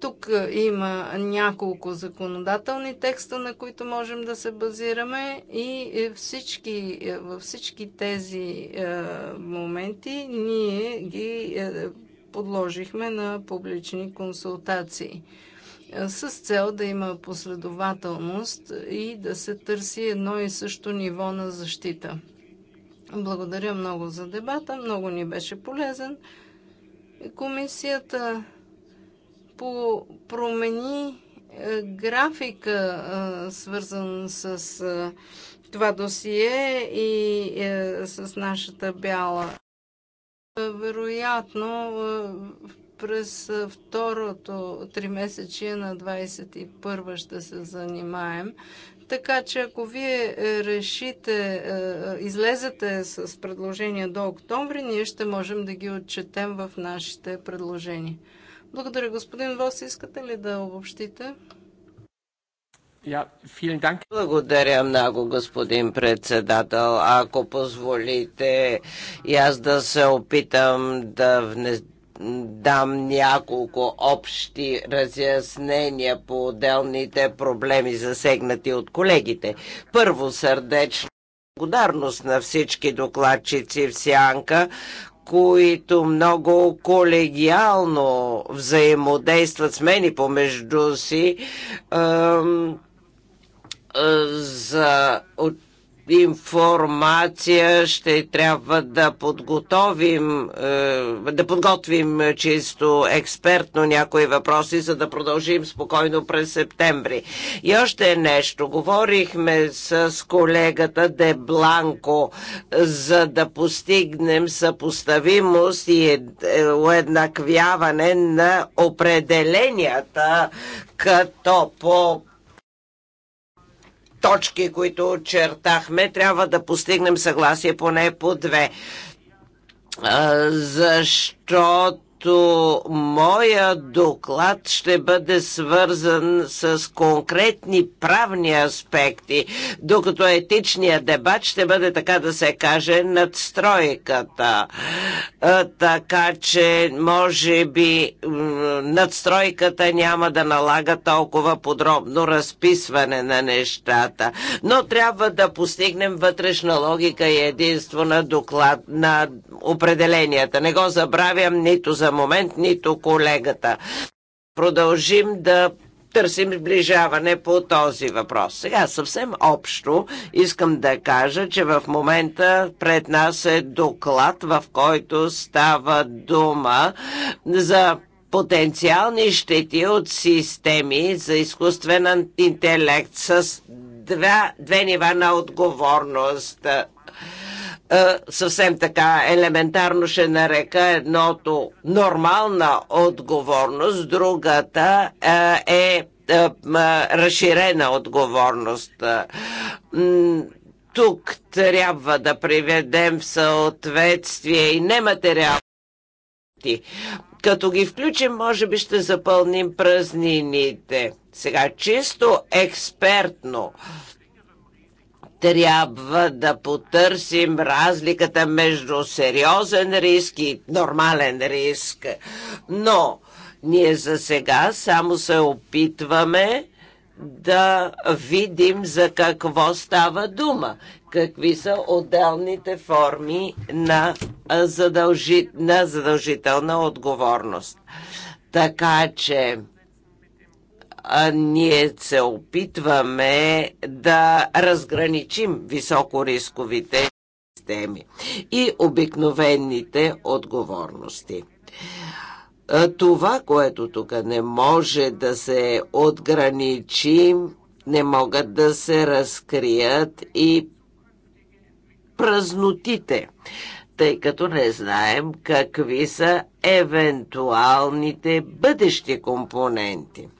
Тук е, има няколко законодателни текста, на които можем да се базираме и всички, във всички тези моменти ние ги подложихме на публични консултации с цел да има последователност и да се търси едно и също ниво на защита. Благодаря много за дебата, много ни беше полезен. Комисията по промени е, графика, е, свързан с е, това досие и с нашата бяла. Вероятно, през второто три месече на 21 ще се занимаем. Така че ако вие е, решите, е, излезете с предложения до октомври, ние ще можем да ги отчетем в нашите предложения. Благодаря, господин Вос. Искате ли да обобщите? Благодаря много, господин председател. Ако позволите, и аз да се опитам да, вне, дам няколко общи разяснения по отделните проблеми, засегнати от колегите. Първо сърдечно благодарност на всички докладчици в Сянка, които много колегиално взаимодействат с мен и помежду си е, е, за информация ще трябва да подготовим, е, да подготвим чисто експертно някои въпроси, за да продължим спокойно през септември. И още нещо. Говорихме с колегата Де Бланко, за да постигнем съпоставимост и е, е, уеднаквяване на определенията, като по точки, които очертахме, трябва да постигнем съгласие поне по две. Защото като моя доклад ще бъде свързан с конкретни правни аспекти, докато етичният дебат ще бъде, така да се каже, надстройката. Така че, може би, надстройката няма да налага толкова подробно разписване на нещата, но трябва да постигнем вътрешна логика и единство на доклад на определенията. Не го забравям нито за момент, нито колегата. Продължим да търсим сближаване по този въпрос. Сега съвсем общо искам да кажа, че в момента пред нас е доклад, в който става дума за потенциални щети от системи за изкуствен интелект с два, две нива на отговорност е, съвсем така елементарно ще нарека едното нормална отговорност, другата е, е, е разширена отговорност. Тук трябва да приведем в съответствие и нематериалните. като ги включим, може би ще запълним празнините. Сега чисто експертно трябва да потърсим разликата между сериозен риск и нормален риск. Но ние за сега само се опитваме да видим за какво става дума, какви са отделните форми на, задължи... на задължителна отговорност. Така че а, ние се опитваме да разграничим високорисковите системи и обикновените отговорности. Това, което тук не може да се отграничи, не могат да се разкрият и празнотите, тъй като не знаем какви са евентуалните бъдещи компоненти –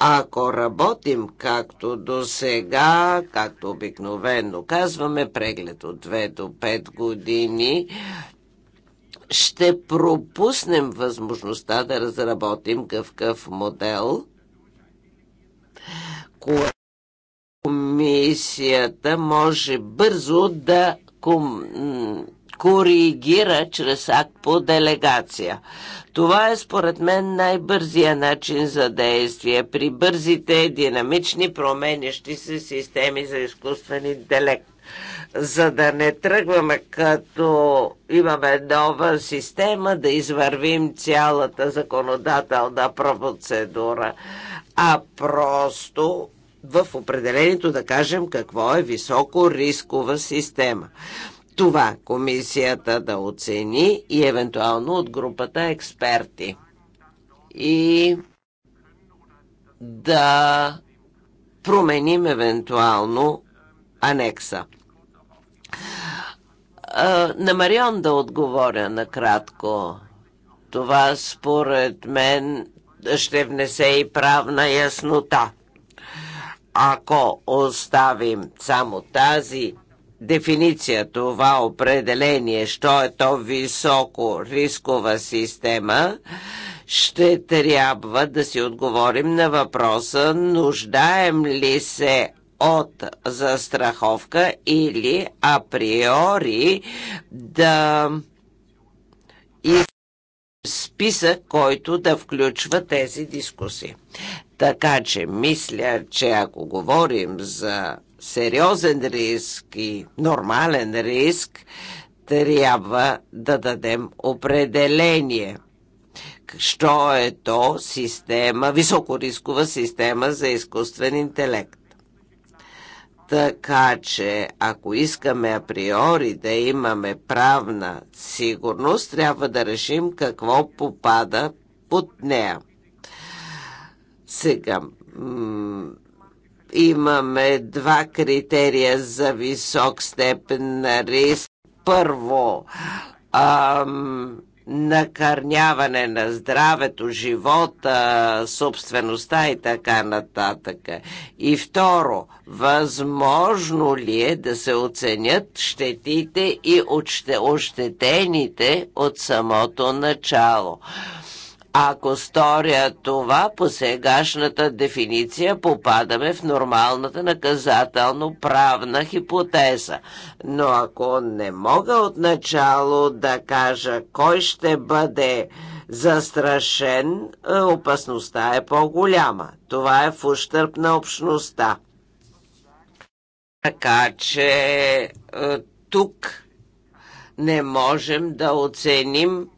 ако работим както до сега, както обикновено казваме, преглед от 2 до 5 години, ще пропуснем възможността да разработим гъвкав модел, което комисията може бързо да коригира чрез акт по делегация. Това е според мен най-бързия начин за действие при бързите динамични променящи се системи за изкуствен интелект за да не тръгваме като имаме нова система, да извървим цялата законодателна процедура, а просто в определението да кажем какво е високо рискова система това комисията да оцени и евентуално от групата експерти. И да променим евентуално анекса. На Марион да отговоря накратко. Това според мен ще внесе и правна яснота. Ако оставим само тази дефиниция, това определение, що е то високо рискова система, ще трябва да си отговорим на въпроса нуждаем ли се от застраховка или априори да списък, който да включва тези дискусии. Така че мисля, че ако говорим за сериозен риск и нормален риск, трябва да дадем определение. Що е то система, високорискова система за изкуствен интелект? Така че, ако искаме априори да имаме правна сигурност, трябва да решим какво попада под нея. Сега, имаме два критерия за висок степен на риск. Първо, ам, накърняване на здравето, живота, собствеността и така нататък. И второ, възможно ли е да се оценят щетите и ощетените от самото начало? Ако сторя това, по сегашната дефиниция попадаме в нормалната наказателно-правна хипотеза. Но ако не мога отначало да кажа кой ще бъде застрашен, е, опасността е по-голяма. Това е в ущърп на общността. Така че е, тук не можем да оценим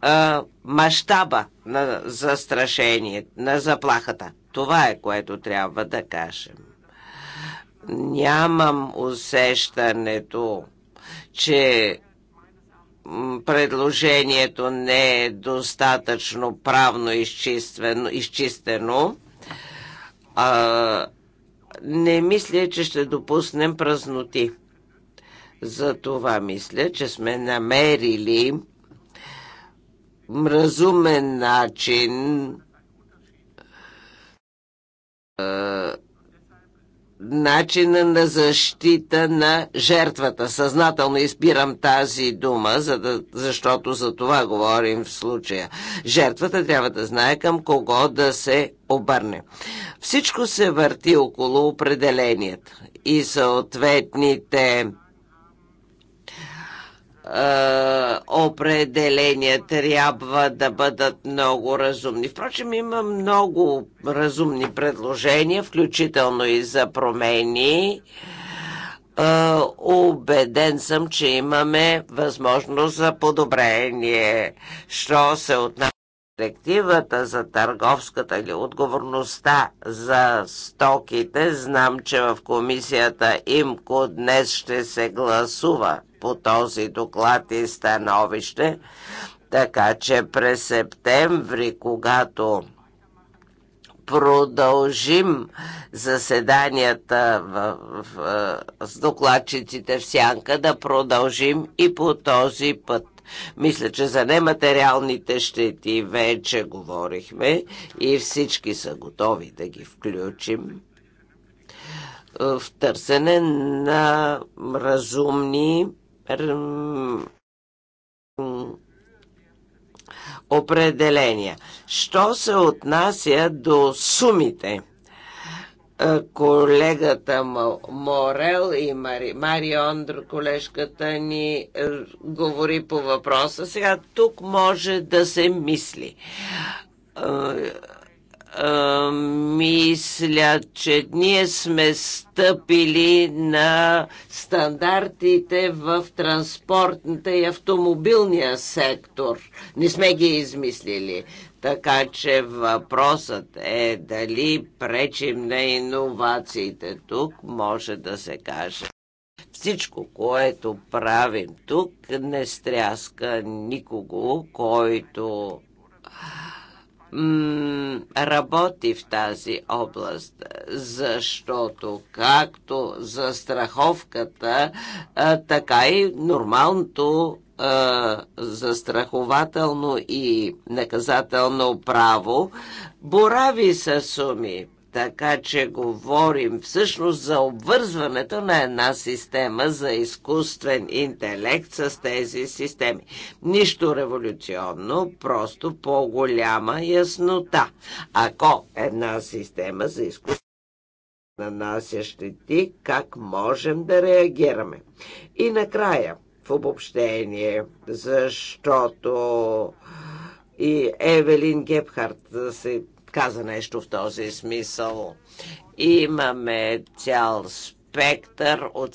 а, е, мащаба на застрашение, на заплахата. Това е което трябва да кажем. Нямам усещането, че предложението не е достатъчно правно изчистено, изчистено а, не мисля, че ще допуснем празноти. Затова мисля, че сме намерили разумен начин начина на защита на жертвата. Съзнателно избирам тази дума, за да, защото за това говорим в случая. Жертвата трябва да знае към кого да се обърне. Всичко се върти около определенията и съответните е, определения трябва да бъдат много разумни. Впрочем, има много разумни предложения, включително и за промени. Обеден е, съм, че имаме възможност за подобрение. Що се отнася директивата за търговската или отговорността за стоките, знам, че в комисията ИМКО днес ще се гласува по този доклад и становище, така че през септември, когато продължим заседанията в, в, в, с докладчиците в Сянка, да продължим и по този път мисля, че за нематериалните щети вече говорихме и всички са готови да ги включим е, в търсене на разумни определения. Що се отнася до сумите – колегата Морел и Мари, Марион, колежката ни, е, говори по въпроса. Сега тук може да се мисли. Мисля, че ние сме стъпили на стандартите в транспортната и автомобилния сектор. Не сме ги измислили. Така че въпросът е дали пречим на иновациите. Тук може да се каже. Всичко, което правим тук, не стряска никого, който работи в тази област, защото както за страховката, така и нормалното застрахователно и наказателно право борави с суми. Така че говорим всъщност за обвързването на една система за изкуствен интелект с тези системи. Нищо революционно, просто по-голяма яснота. Ако една система за изкуствен нанася щети, как можем да реагираме? И накрая – в обобщение, защото и Евелин Гепхарт се каза нещо в този смисъл. Имаме цял спор спектър от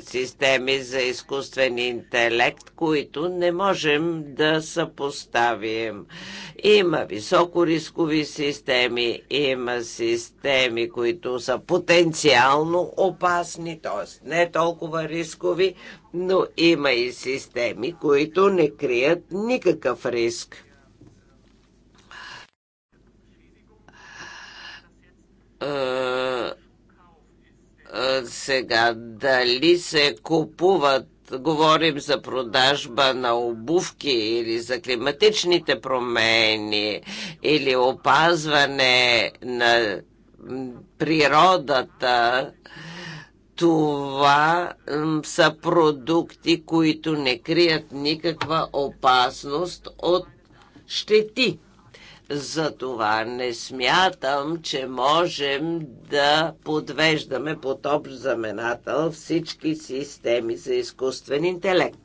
системи за изкуствен интелект, които не можем да съпоставим. Има високо рискови системи, има системи, които са потенциално опасни, т.е. не толкова рискови, но има и системи, които не крият никакъв риск. Uh сега, дали се купуват говорим за продажба на обувки или за климатичните промени или опазване на природата, това са продукти, които не крият никаква опасност от щети. Затова не смятам, че можем да подвеждаме под общ заменател всички системи за изкуствен интелект.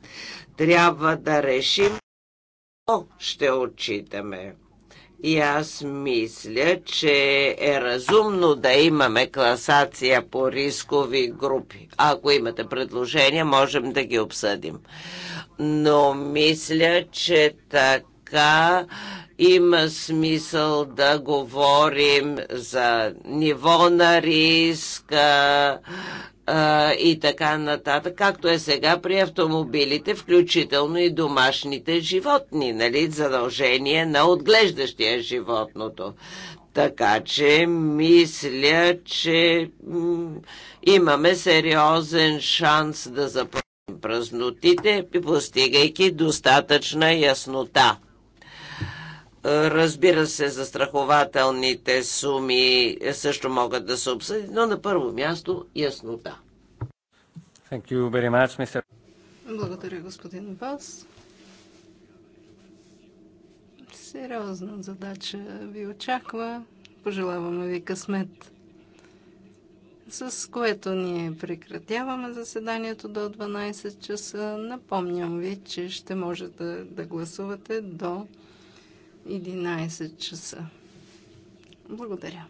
Трябва да решим какво ще отчитаме. И аз мисля, че е разумно да имаме класация по рискови групи. Ако имате предложения, можем да ги обсъдим. Но мисля, че така има смисъл да говорим за ниво на риска, и така нататък, както е сега при автомобилите, включително и домашните животни, нали, задължение на отглеждащия животното. Така че мисля, че имаме сериозен шанс да запълним празнотите, постигайки достатъчна яснота. Разбира се, застрахователните суми също могат да се обсъдят, но на първо място яснота. Благодаря, господин Бас. Сериозна задача ви очаква. Пожелаваме ви късмет. С което ние прекратяваме заседанието до 12 часа. Напомням ви, че ще можете да гласувате до 11 часа. Благодаря.